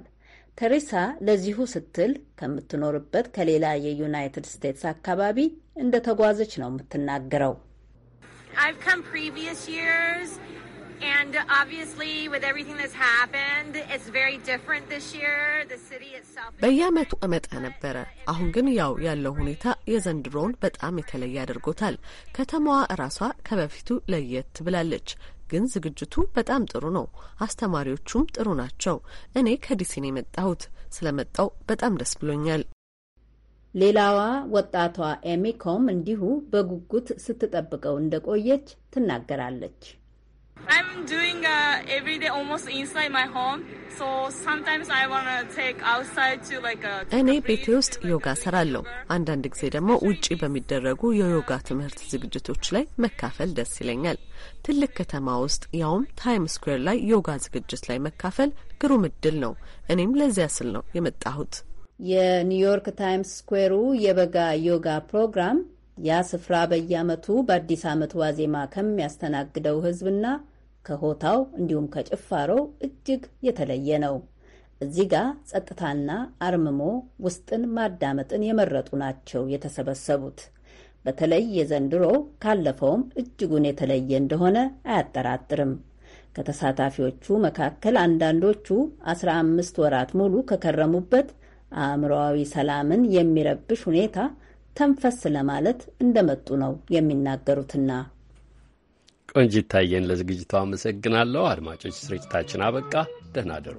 ተሬሳ ለዚሁ ስትል ከምትኖርበት ከሌላ የዩናይትድ ስቴትስ አካባቢ እንደተጓዘች ነው የምትናገረው። በየአመቱ እመጣ ነበረ። አሁን ግን ያው ያለው ሁኔታ የዘንድሮውን በጣም የተለየ አድርጎታል። ከተማዋ ራሷ ከበፊቱ ለየት ብላለች። ግን ዝግጅቱ በጣም ጥሩ ነው። አስተማሪዎቹም ጥሩ ናቸው። እኔ ከዲሲን የመጣሁት ስለመጣው በጣም ደስ ብሎኛል። ሌላዋ ወጣቷ ኤሚኮም እንዲሁ በጉጉት ስትጠብቀው እንደቆየች ትናገራለች። Uh, እኔ ቤቴ ውስጥ ዮጋ ሰራለሁ። አንዳንድ ጊዜ ደግሞ ውጪ በሚደረጉ የዮጋ ትምህርት ዝግጅቶች ላይ መካፈል ደስ ይለኛል። ትልቅ ከተማ ውስጥ ያውም ታይም ስኩዌር ላይ ዮጋ ዝግጅት ላይ መካፈል ግሩም እድል ነው። እኔም ለዚያ ስል ነው የመጣሁት። የኒውዮርክ ታይምስ ስኩዌሩ የበጋ ዮጋ ፕሮግራም ያ ስፍራ በየዓመቱ በአዲስ ዓመት ዋዜማ ከሚያስተናግደው ሕዝብና ከሆታው እንዲሁም ከጭፋሮው እጅግ የተለየ ነው። እዚህ ጋር ጸጥታና አርምሞ ውስጥን ማዳመጥን የመረጡ ናቸው የተሰበሰቡት። በተለይ የዘንድሮው ካለፈውም እጅጉን የተለየ እንደሆነ አያጠራጥርም። ከተሳታፊዎቹ መካከል አንዳንዶቹ አስራ አምስት ወራት ሙሉ ከከረሙበት አእምሮዊ ሰላምን የሚረብሽ ሁኔታ ተንፈስ ለማለት እንደመጡ ነው የሚናገሩትና ቆንጂት ታየን ለዝግጅቷ አመሰግናለሁ። አድማጮች ስርጭታችን አበቃ። ደህና አደሩ።